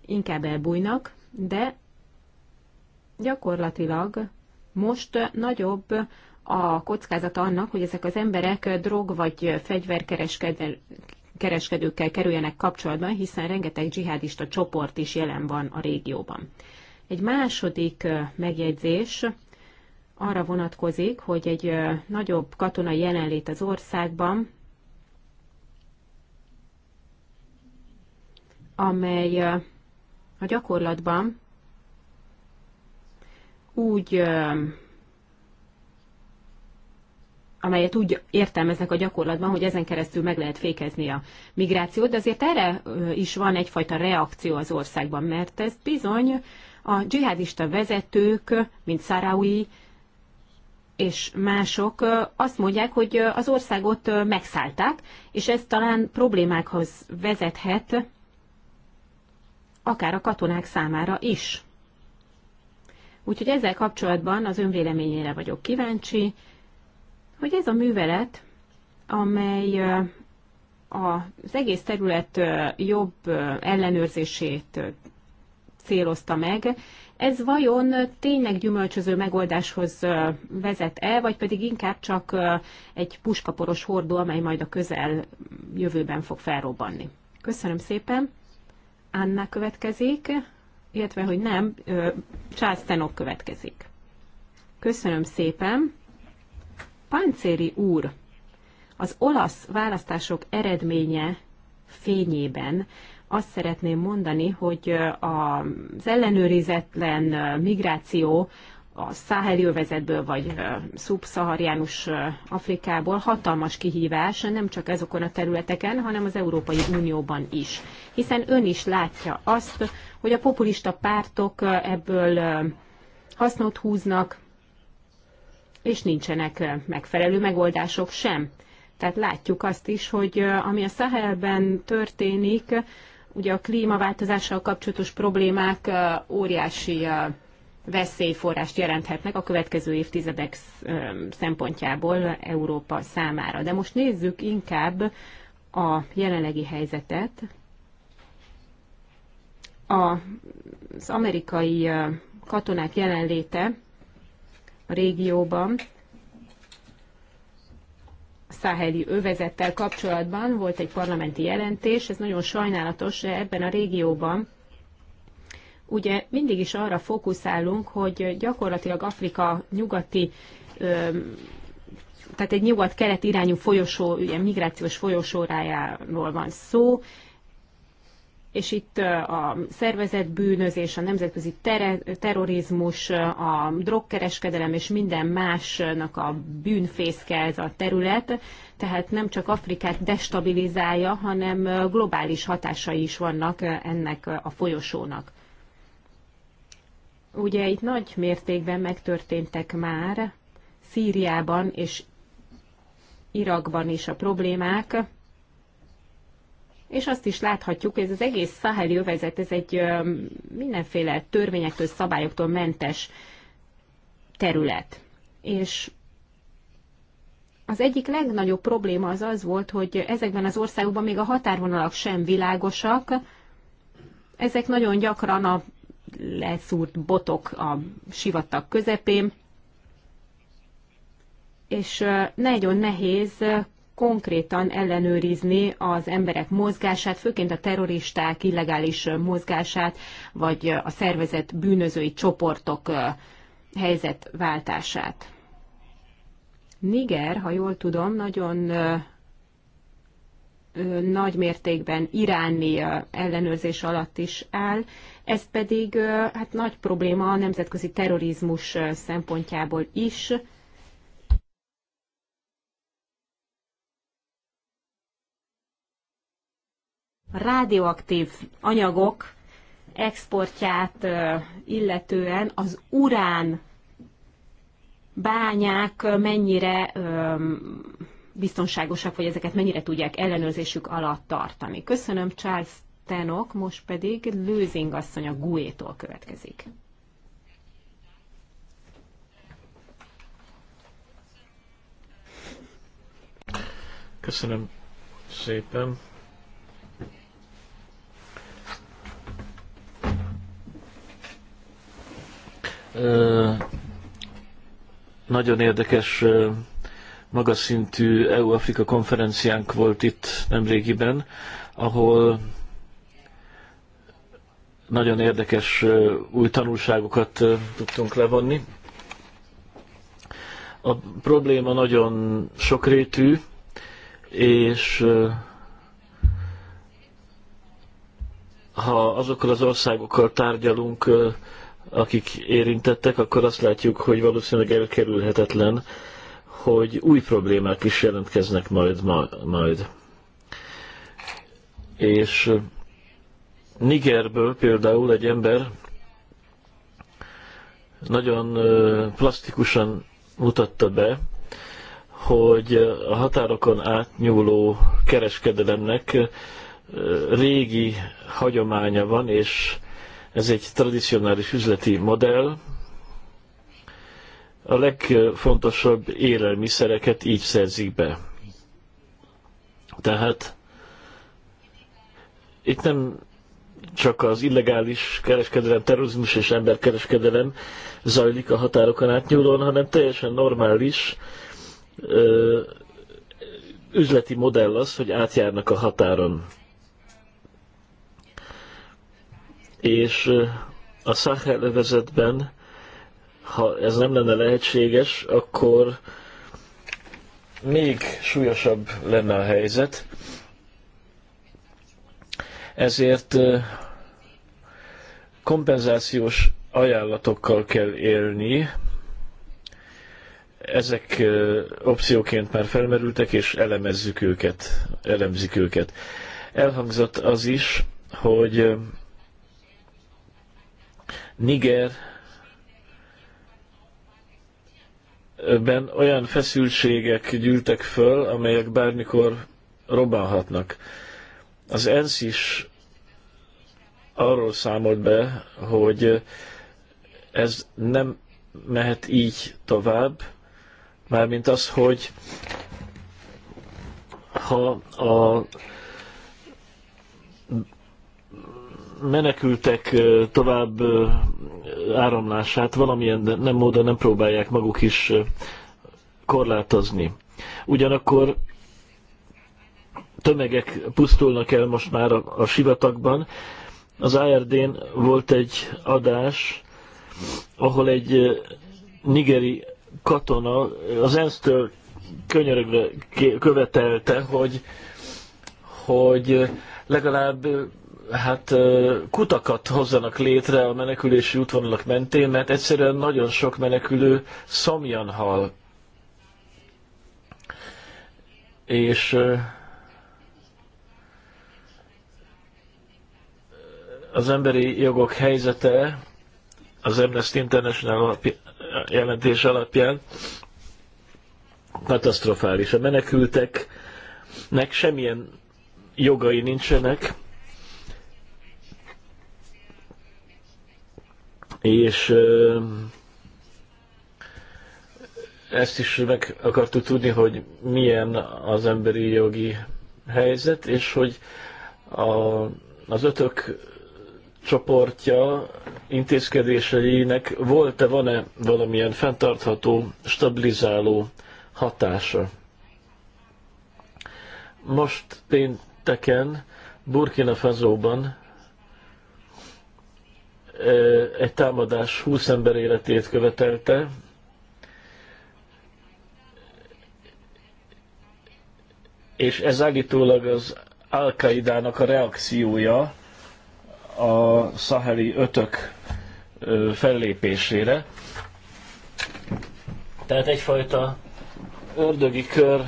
inkább elbújnak, de gyakorlatilag most nagyobb a kockázata annak, hogy ezek az emberek drog vagy fegyverkereskedőkkel kerüljenek kapcsolatban, hiszen rengeteg dzsihádista csoport is jelen van a régióban. Egy második megjegyzés arra vonatkozik, hogy egy nagyobb katonai jelenlét az országban, amely a gyakorlatban úgy amelyet úgy értelmeznek a gyakorlatban, hogy ezen keresztül meg lehet fékezni a migrációt, de azért erre is van egyfajta reakció az országban, mert ez bizony a dzsihadista vezetők, mint Szaraui és mások azt mondják, hogy az országot megszállták, és ez talán problémákhoz vezethet, akár a katonák számára is. Úgyhogy ezzel kapcsolatban az önvéleményére vagyok kíváncsi, hogy ez a művelet, amely az egész terület jobb ellenőrzését célozta meg, ez vajon tényleg gyümölcsöző megoldáshoz vezet-e, vagy pedig inkább csak egy puskaporos hordó, amely majd a közel jövőben fog felrobbanni? Köszönöm szépen. Anna következik, illetve, hogy nem, Charles Tenok következik. Köszönöm szépen. Páncéri úr, az olasz választások eredménye fényében azt szeretném mondani, hogy az ellenőrizetlen migráció a száheli övezetből vagy szubszahariánus Afrikából hatalmas kihívás, nem csak ezokon a területeken, hanem az Európai Unióban is. Hiszen ön is látja azt, hogy a populista pártok ebből hasznot húznak, és nincsenek megfelelő megoldások sem. Tehát látjuk azt is, hogy ami a Szahelben történik, Ugye a klímaváltozással kapcsolatos problémák óriási veszélyforrást jelenthetnek a következő évtizedek szempontjából Európa számára. De most nézzük inkább a jelenlegi helyzetet. Az amerikai katonák jelenléte a régióban száheli övezettel kapcsolatban volt egy parlamenti jelentés, ez nagyon sajnálatos ebben a régióban. Ugye mindig is arra fókuszálunk, hogy gyakorlatilag Afrika nyugati tehát egy nyugat-kelet irányú folyosó, ugye migrációs folyosórájáról van szó, és itt a szervezetbűnözés, bűnözés, a nemzetközi ter- terrorizmus, a drogkereskedelem és minden másnak a bűnfészke ez a terület, tehát nem csak Afrikát destabilizálja, hanem globális hatásai is vannak ennek a folyosónak. Ugye itt nagy mértékben megtörténtek már Szíriában és Irakban is a problémák, és azt is láthatjuk, hogy ez az egész szaheli övezet, ez egy mindenféle törvényektől, szabályoktól mentes terület. És az egyik legnagyobb probléma az az volt, hogy ezekben az országokban még a határvonalak sem világosak, ezek nagyon gyakran a leszúrt botok a sivatag közepén, és nagyon nehéz konkrétan ellenőrizni az emberek mozgását, főként a terroristák illegális mozgását, vagy a szervezet bűnözői csoportok helyzetváltását. Niger, ha jól tudom, nagyon nagy mértékben iráni ellenőrzés alatt is áll. Ez pedig hát nagy probléma a nemzetközi terrorizmus szempontjából is, rádióaktív anyagok exportját illetően az urán bányák mennyire biztonságosak, vagy ezeket mennyire tudják ellenőrzésük alatt tartani. Köszönöm Charles Tenok, most pedig Lőzing asszony a GUE-tól következik. Köszönöm szépen. nagyon érdekes magas szintű EU-Afrika konferenciánk volt itt nemrégiben, ahol nagyon érdekes új tanulságokat tudtunk levonni. A probléma nagyon sokrétű, és ha azokkal az országokkal tárgyalunk, akik érintettek, akkor azt látjuk, hogy valószínűleg elkerülhetetlen, hogy új problémák is jelentkeznek majd. majd. És Nigerből például egy ember nagyon plastikusan mutatta be, hogy a határokon átnyúló kereskedelemnek régi hagyománya van, és ez egy tradicionális üzleti modell. A legfontosabb élelmiszereket így szerzik be. Tehát itt nem csak az illegális kereskedelem, terrorizmus és emberkereskedelem zajlik a határokon átnyúlóan, hanem teljesen normális ö, üzleti modell az, hogy átjárnak a határon. és a szakelevezetben, ha ez nem lenne lehetséges, akkor még súlyosabb lenne a helyzet. Ezért kompenzációs ajánlatokkal kell élni. Ezek opcióként már felmerültek, és elemezzük őket, elemzik őket. Elhangzott az is, hogy Niger ben olyan feszültségek gyűltek föl, amelyek bármikor robbanhatnak. Az ENSZ is arról számolt be, hogy ez nem mehet így tovább, mármint az, hogy ha a menekültek tovább áramlását valamilyen nem módon nem próbálják maguk is korlátozni. Ugyanakkor tömegek pusztulnak el most már a, a sivatagban. Az ARD-n volt egy adás, ahol egy nigeri katona az ENSZ-től könyörögve követelte, hogy, hogy legalább hát kutakat hozzanak létre a menekülési útvonalak mentén, mert egyszerűen nagyon sok menekülő szomjan hal. És az emberi jogok helyzete az Amnesty International jelentés alapján katasztrofális. A menekülteknek semmilyen jogai nincsenek, és ezt is meg akartuk tudni, hogy milyen az emberi jogi helyzet, és hogy a, az ötök csoportja intézkedéseinek volt-e, van-e valamilyen fenntartható, stabilizáló hatása. Most pénteken Burkina Fazóban egy támadás 20 ember életét követelte, és ez állítólag az al a reakciója a szaheli ötök fellépésére. Tehát egyfajta ördögi kör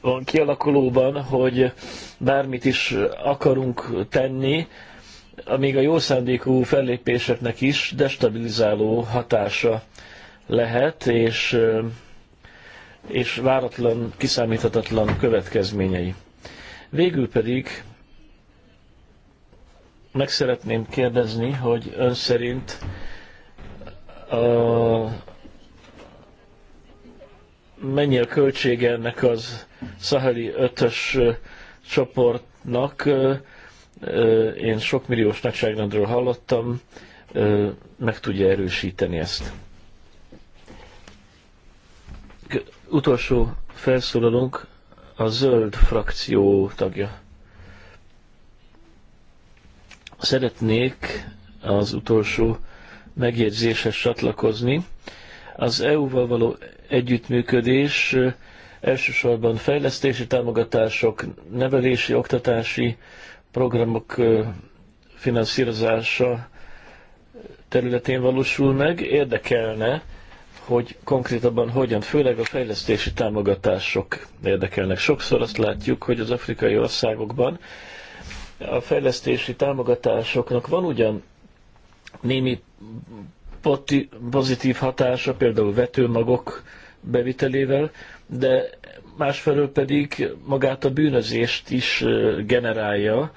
van kialakulóban, hogy bármit is akarunk tenni, még a jó szándékú fellépéseknek is destabilizáló hatása lehet, és, és váratlan, kiszámíthatatlan következményei. Végül pedig meg szeretném kérdezni, hogy ön szerint a, mennyi a költsége ennek az Szaheli 5-ös csoportnak, én sok milliós nagyságrendről hallottam, meg tudja erősíteni ezt. Utolsó felszólalunk a zöld frakció tagja. Szeretnék az utolsó megjegyzéshez csatlakozni. Az EU-val való együttműködés elsősorban fejlesztési támogatások, nevelési, oktatási, programok finanszírozása területén valósul meg. Érdekelne, hogy konkrétabban hogyan, főleg a fejlesztési támogatások érdekelnek. Sokszor azt látjuk, hogy az afrikai országokban a fejlesztési támogatásoknak van ugyan némi pozitív hatása, például vetőmagok bevitelével, de másfelől pedig magát a bűnözést is generálja,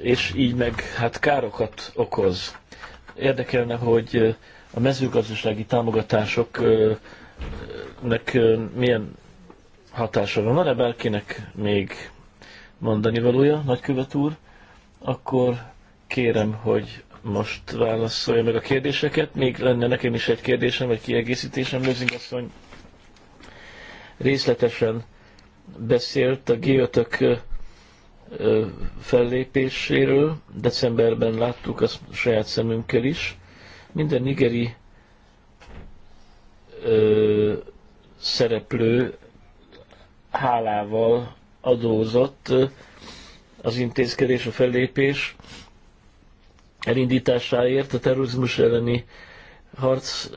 és így meg hát károkat okoz. Érdekelne, hogy a mezőgazdasági támogatásoknak milyen hatása van. Van-e bárkinek még mondani valója, nagykövet úr? Akkor kérem, hogy most válaszolja meg a kérdéseket. Még lenne nekem is egy kérdésem, vagy kiegészítésem, Lőzing asszony részletesen beszélt a g fellépéséről. Decemberben láttuk azt saját szemünkkel is. Minden nigeri ö, szereplő hálával adózott az intézkedés, a fellépés elindításáért, a terrorizmus elleni harc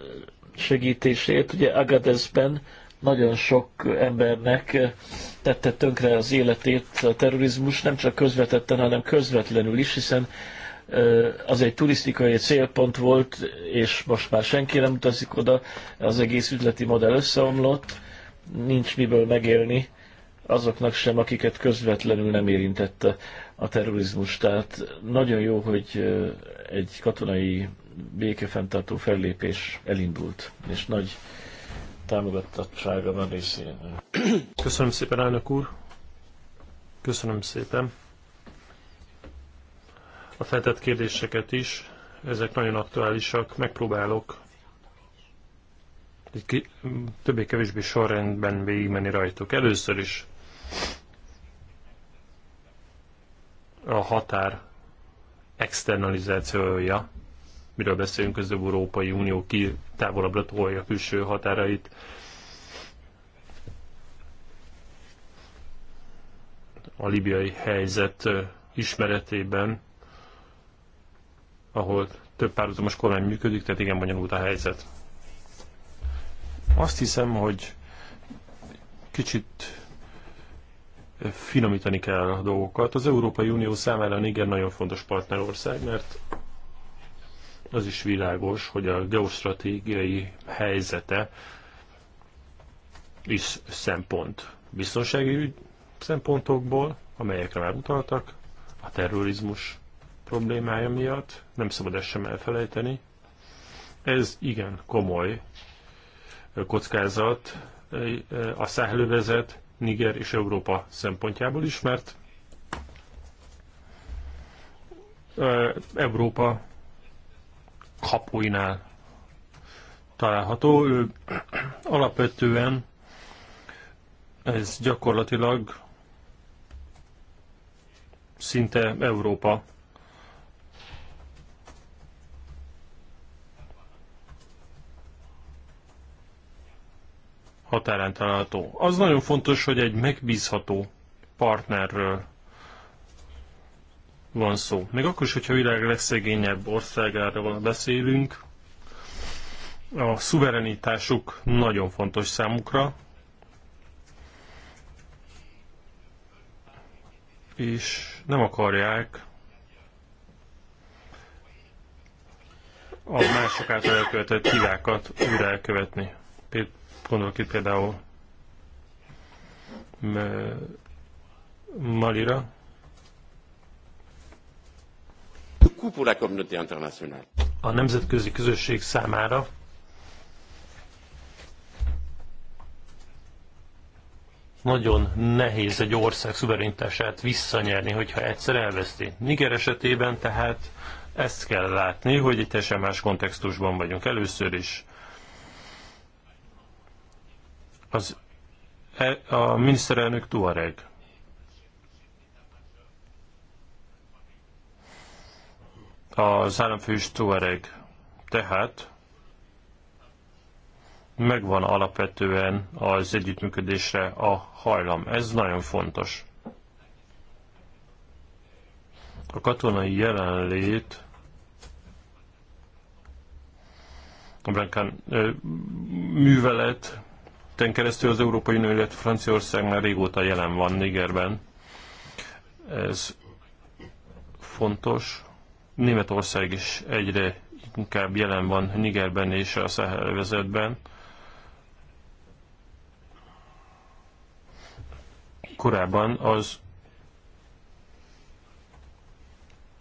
segítésért. Ugye Agadezben nagyon sok embernek tette tönkre az életét a terrorizmus, nem csak közvetetten, hanem közvetlenül is, hiszen az egy turisztikai célpont volt, és most már senki nem utazik oda, az egész üzleti modell összeomlott, nincs miből megélni azoknak sem, akiket közvetlenül nem érintette a terrorizmus. Tehát nagyon jó, hogy egy katonai békefenntartó fellépés elindult, és nagy támogatottsága a részéről. Köszönöm szépen, elnök úr! Köszönöm szépen! A feltett kérdéseket is, ezek nagyon aktuálisak, megpróbálok többé-kevésbé sorrendben végigmenni rajtuk. Először is a határ externalizációja miről beszélünk, az Európai Unió ki távolabbra tolja külső határait. A libiai helyzet ismeretében, ahol több párhuzamos kormány működik, tehát igen bonyolult a helyzet. Azt hiszem, hogy kicsit finomítani kell a dolgokat. Az Európai Unió számára Niger nagyon fontos partnerország, mert az is világos, hogy a geostratégiai helyzete is szempont biztonsági ügy szempontokból, amelyekre már utaltak, a terrorizmus problémája miatt, nem szabad ezt sem elfelejteni. Ez igen komoly kockázat eh, a száhelővezet, Niger és Európa szempontjából is, mert eh, Európa kapuinál található. Ő alapvetően ez gyakorlatilag szinte Európa. határán található. Az nagyon fontos, hogy egy megbízható partnerről van szó. Még akkor is, hogyha a világ legszegényebb országáról beszélünk, a szuverenitásuk nagyon fontos számukra, és nem akarják a mások által elkövetett hibákat újra elkövetni. Gondolok itt például Malira, beaucoup pour la communauté internationale. A nemzetközi közösség számára nagyon nehéz egy ország szuverenitását visszanyerni, hogyha egyszer elveszti. Niger esetében tehát ezt kell látni, hogy egy teljesen más kontextusban vagyunk. Először is az, e- a miniszterelnök Tuareg az államfős Tuareg. Tehát megvan alapvetően az együttműködésre a hajlam. Ez nagyon fontos. A katonai jelenlét a Brankán művelet ten keresztül az Európai Unió, illetve Franciaország már régóta jelen van Nigerben. Ez fontos. Németország is egyre inkább jelen van Nigerben és a Szahelvezetben. Korábban az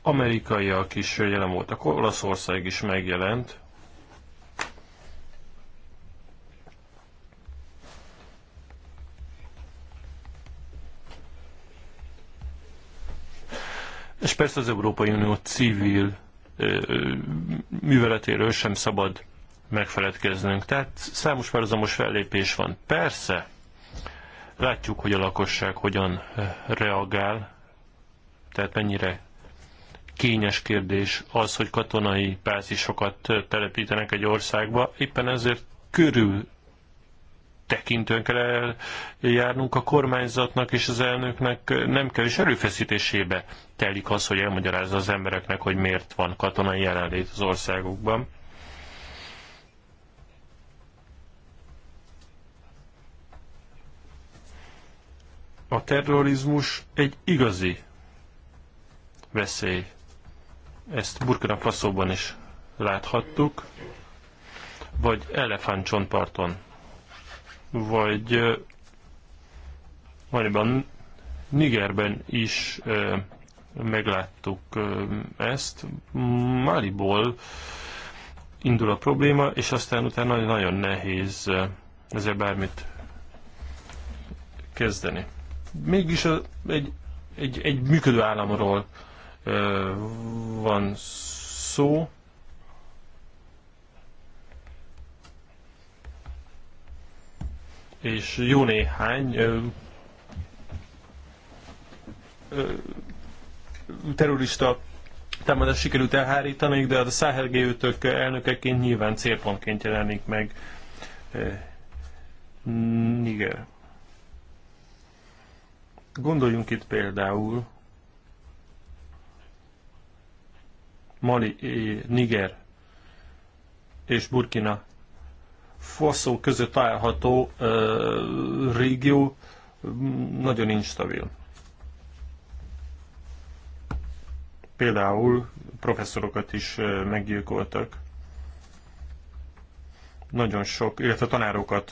amerikaiak is jelen voltak, Olaszország is megjelent, És persze az Európai Unió civil műveletéről sem szabad megfeledkeznünk. Tehát számos párhuzamos fellépés van. Persze, látjuk, hogy a lakosság hogyan reagál, tehát mennyire kényes kérdés az, hogy katonai pázisokat telepítenek egy országba. Éppen ezért körül tekintően kell eljárnunk a kormányzatnak és az elnöknek nem kevés erőfeszítésébe telik az, hogy elmagyarázza az embereknek, hogy miért van katonai jelenlét az országokban. A terrorizmus egy igazi veszély. Ezt Burkina Faszóban is láthattuk, vagy elefántcsontparton vagy valóban Nigerben is megláttuk ezt. Máliból indul a probléma, és aztán utána nagyon nehéz ezzel bármit kezdeni. Mégis egy, egy, egy működő államról van szó, és jó néhány ö, ö, terrorista támadást sikerült elhárítani, de hát a Száhel elnökeként nyilván célpontként jelenik meg Niger. Gondoljunk itt például Mali, Niger és Burkina faszó között található ö, régió nagyon instabil. Például professzorokat is meggyilkoltak. Nagyon sok, illetve tanárokat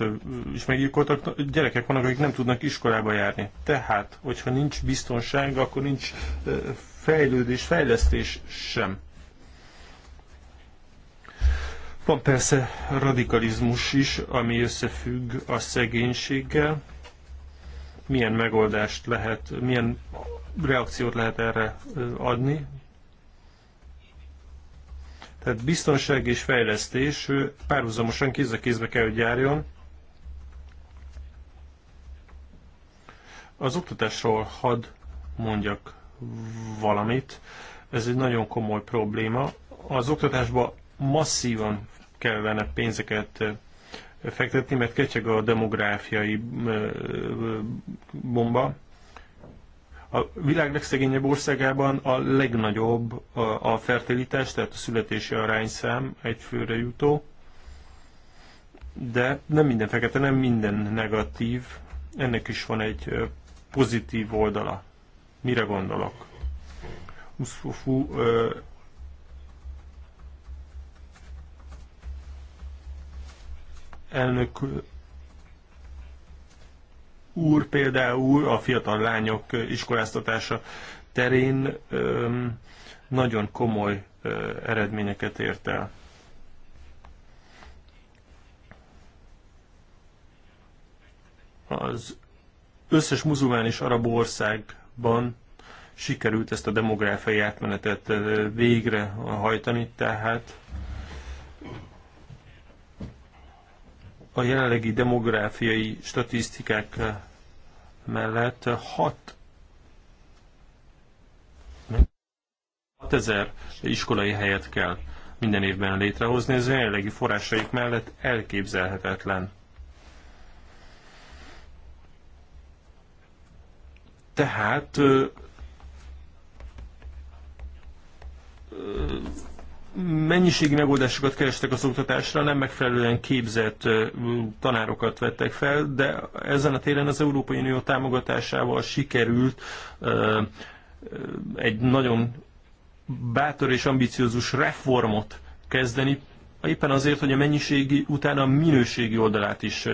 is meggyilkoltak. Gyerekek vannak, akik nem tudnak iskolába járni. Tehát, hogyha nincs biztonság, akkor nincs fejlődés, fejlesztés sem van persze radikalizmus is, ami összefügg a szegénységgel. Milyen megoldást lehet, milyen reakciót lehet erre adni? Tehát biztonság és fejlesztés párhuzamosan kéz a kézbe kell, hogy járjon. Az oktatásról hadd mondjak valamit. Ez egy nagyon komoly probléma. Az oktatásba masszívan kellene pénzeket fektetni, mert kecseg a demográfiai bomba. A világ legszegényebb országában a legnagyobb a fertilitás, tehát a születési arányszám egyfőre jutó, de nem minden fekete, nem minden negatív, ennek is van egy pozitív oldala. Mire gondolok? Uszfufu elnök úr például a fiatal lányok iskoláztatása terén nagyon komoly eredményeket ért el. Az összes muzulmán és arab országban sikerült ezt a demográfiai átmenetet végre hajtani, tehát a jelenlegi demográfiai statisztikák eh, mellett 6 eh, 6000 iskolai helyet kell minden évben létrehozni, ez a jelenlegi forrásaik mellett elképzelhetetlen. Tehát ö, eh, ö, mennyiségi megoldásokat kerestek az oktatásra, nem megfelelően képzett tanárokat vettek fel, de ezen a téren az Európai Unió támogatásával sikerült egy nagyon bátor és ambiciózus reformot kezdeni, éppen azért, hogy a mennyiségi utána a minőségi oldalát is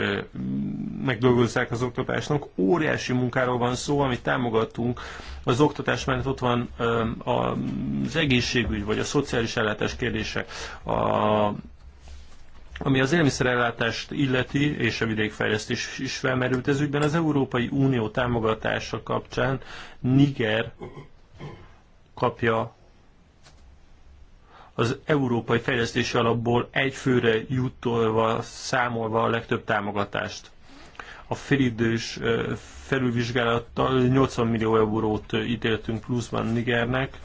megdolgozzák az oktatásnak. Óriási munkáról van szó, amit támogatunk. Az oktatás mellett ott van az egészségügy, vagy a szociális ellátás kérdése, a, ami az élelmiszerellátást illeti, és a vidékfejlesztés is felmerült ez ügyben, az Európai Unió támogatása kapcsán Niger kapja az Európai Fejlesztési Alapból egy főre jutolva, számolva a legtöbb támogatást. A félidős felülvizsgálattal 80 millió eurót ítéltünk pluszban Nigernek.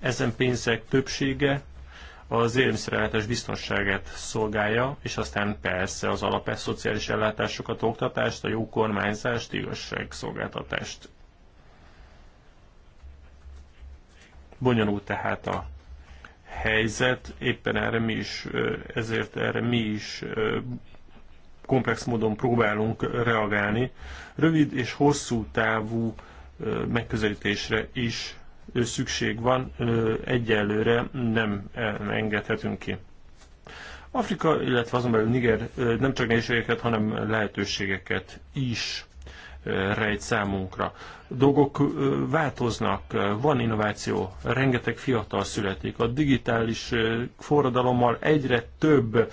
Ezen pénzek többsége az élelmiszerellátás biztonságát szolgálja, és aztán persze az alapes szociális ellátásokat, oktatást, a jó kormányzást, igazságszolgáltatást. Bonyolult tehát a helyzet, éppen erre mi is, ezért erre mi is komplex módon próbálunk reagálni. Rövid és hosszú távú megközelítésre is szükség van, egyelőre nem engedhetünk ki. Afrika, illetve azon belül Niger nem csak nehézségeket, hanem lehetőségeket is rejt számunkra. Dolgok változnak, van innováció, rengeteg fiatal születik. A digitális forradalommal egyre több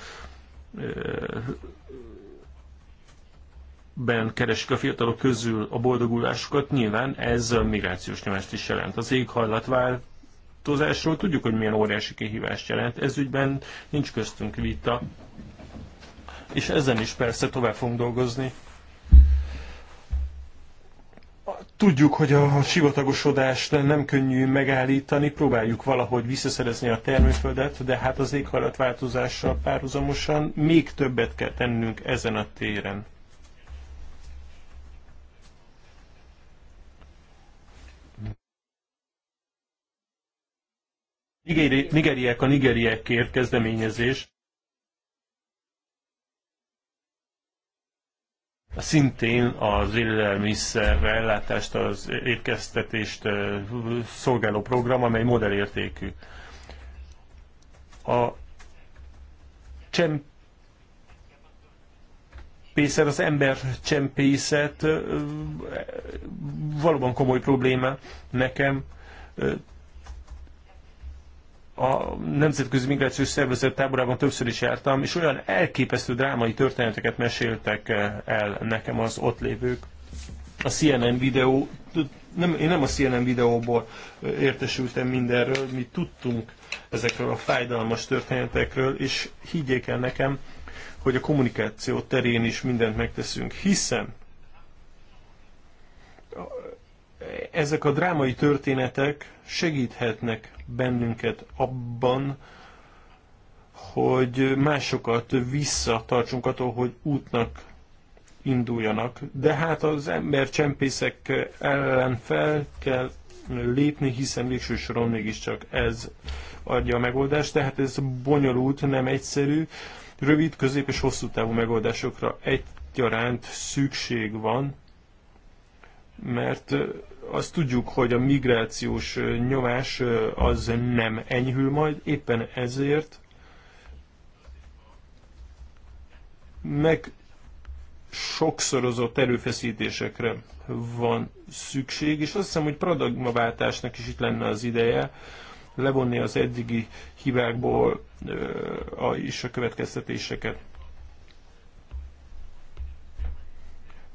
ben keresik a fiatalok közül a boldogulásukat, nyilván ez a migrációs nyomást is jelent. Az éghajlatváltozásról tudjuk, hogy milyen óriási kihívást jelent. Ez ügyben nincs köztünk vita, és ezen is persze tovább fogunk dolgozni. Tudjuk, hogy a sivatagosodást nem könnyű megállítani, próbáljuk valahogy visszaszerezni a termőföldet, de hát az éghajlatváltozással párhuzamosan még többet kell tennünk ezen a téren. Nigeriák nigeriek a nigeriekért kezdeményezés. szintén az élelmiszer ellátást, az étkeztetést szolgáló program, amely modellértékű. A csempészet, az ember csempészet valóban komoly probléma nekem a Nemzetközi Migrációs Szervezet táborában többször is jártam, és olyan elképesztő drámai történeteket meséltek eh, el nekem az ott lévők. A CNN videó, nem, én nem a CNN videóból eh, értesültem mindenről, mi tudtunk ezekről a fájdalmas történetekről, és higgyék el nekem, hogy a kommunikáció terén is mindent megteszünk, hiszen ezek a drámai történetek segíthetnek bennünket abban, hogy másokat visszatartsunk attól, hogy útnak induljanak. De hát az ember csempészek ellen fel kell lépni, hiszen végső soron mégiscsak ez adja a megoldást, tehát ez bonyolult, nem egyszerű. Rövid, közép és hosszú távú megoldásokra egyaránt szükség van, mert azt tudjuk, hogy a migrációs nyomás az nem enyhül majd, éppen ezért meg sokszorozott erőfeszítésekre van szükség, és azt hiszem, hogy paradigmaváltásnak is itt lenne az ideje, levonni az eddigi hibákból a, is a következtetéseket.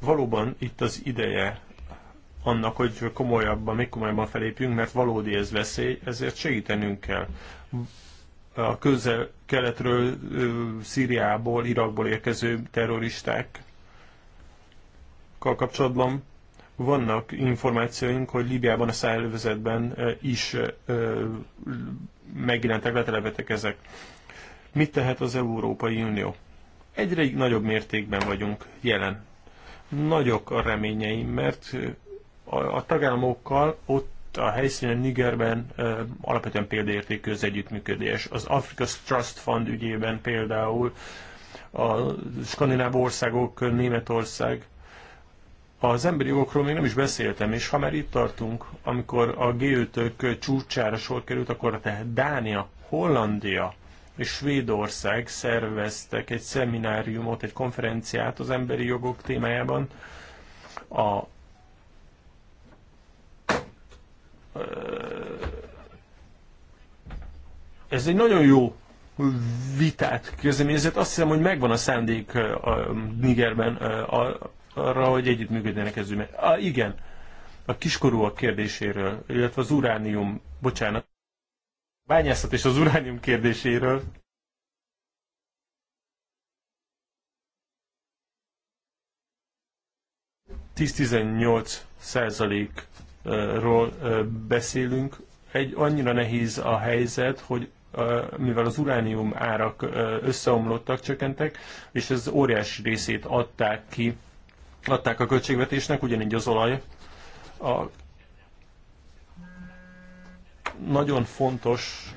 Valóban itt az ideje annak, hogy komolyabban, még komolyabban felépjünk, mert valódi ez veszély, ezért segítenünk kell. A közel-keletről, Szíriából, Irakból érkező terroristák kapcsolatban vannak információink, hogy Líbiában a szállövezetben is megjelentek, letelepetek ezek. Mit tehet az Európai Unió? Egyre nagyobb mértékben vagyunk jelen. Nagyok a reményeim, mert a, a tagállamokkal ott a helyszínen Nigerben ö, alapvetően példaértékű az együttműködés. Az Africa's Trust Fund ügyében például a skandináv országok, Németország, az emberi jogokról még nem is beszéltem, és ha már itt tartunk, amikor a g csúcsára sor került, akkor tehát Dánia, Hollandia és Svédország szerveztek egy szemináriumot, egy konferenciát az emberi jogok témájában. A ez egy nagyon jó vitát kezdeményezett. Azt hiszem, hogy megvan a szándék a Nigerben arra, hogy együttműködjenek ez ügyben. igen, a kiskorúak kérdéséről, illetve az uránium, bocsánat, bányászat és az uránium kérdéséről. Tíz tizennyolc százalék ról beszélünk. Egy annyira nehéz a helyzet, hogy mivel az uránium árak összeomlottak, csökkentek, és ez óriási részét adták ki, adták a költségvetésnek, ugyanígy az olaj. A nagyon fontos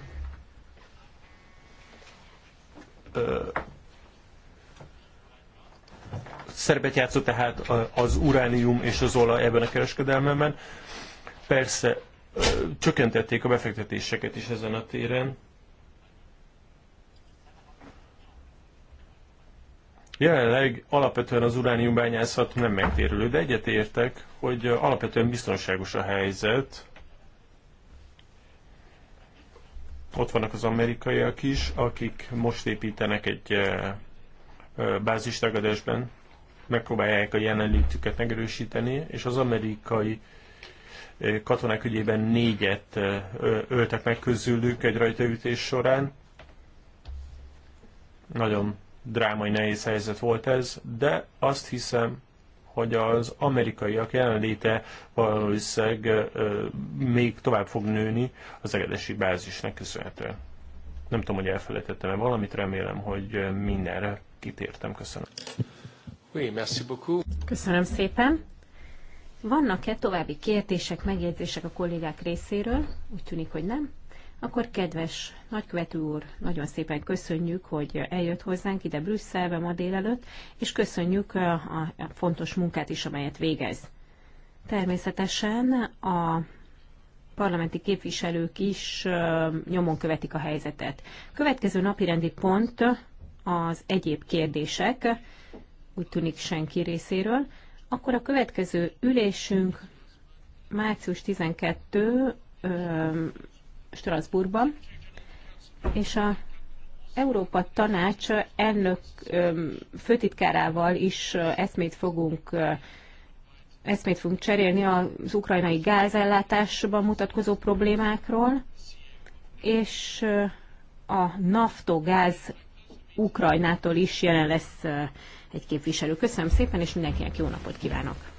szerepet játszott tehát az uránium és az olaj ebben a kereskedelmemben. Persze csökkentették a befektetéseket is ezen a téren. Jelenleg alapvetően az urániumbányászat nem megtérülő, de egyetértek, hogy alapvetően biztonságos a helyzet. Ott vannak az amerikaiak is, akik most építenek egy bázistagadásban, megpróbálják a jelenlétüket megerősíteni, és az amerikai katonák ügyében négyet öltek meg közülük egy rajtaütés során. Nagyon drámai, nehéz helyzet volt ez, de azt hiszem, hogy az amerikaiak jelenléte valószínűleg még tovább fog nőni az egedesi bázisnak köszönhetően. Nem tudom, hogy elfelejtettem-e valamit, remélem, hogy mindenre kitértem. Köszönöm. Oui, merci beaucoup. Köszönöm szépen. Vannak-e további kérdések, megjegyzések a kollégák részéről? Úgy tűnik, hogy nem. Akkor kedves nagykövető úr, nagyon szépen köszönjük, hogy eljött hozzánk ide Brüsszelbe ma délelőtt, és köszönjük a fontos munkát is, amelyet végez. Természetesen a parlamenti képviselők is nyomon követik a helyzetet. Következő napirendi pont az egyéb kérdések, úgy tűnik senki részéről. Akkor a következő ülésünk március 12 ö, Strasbourgban, és a Európa Tanács elnök ö, főtitkárával is eszmét fogunk eszmét fogunk cserélni az ukrajnai gázellátásban mutatkozó problémákról, és a naftogáz Ukrajnától is jelen lesz egy képviselő. Köszönöm szépen, és mindenkinek jó napot kívánok!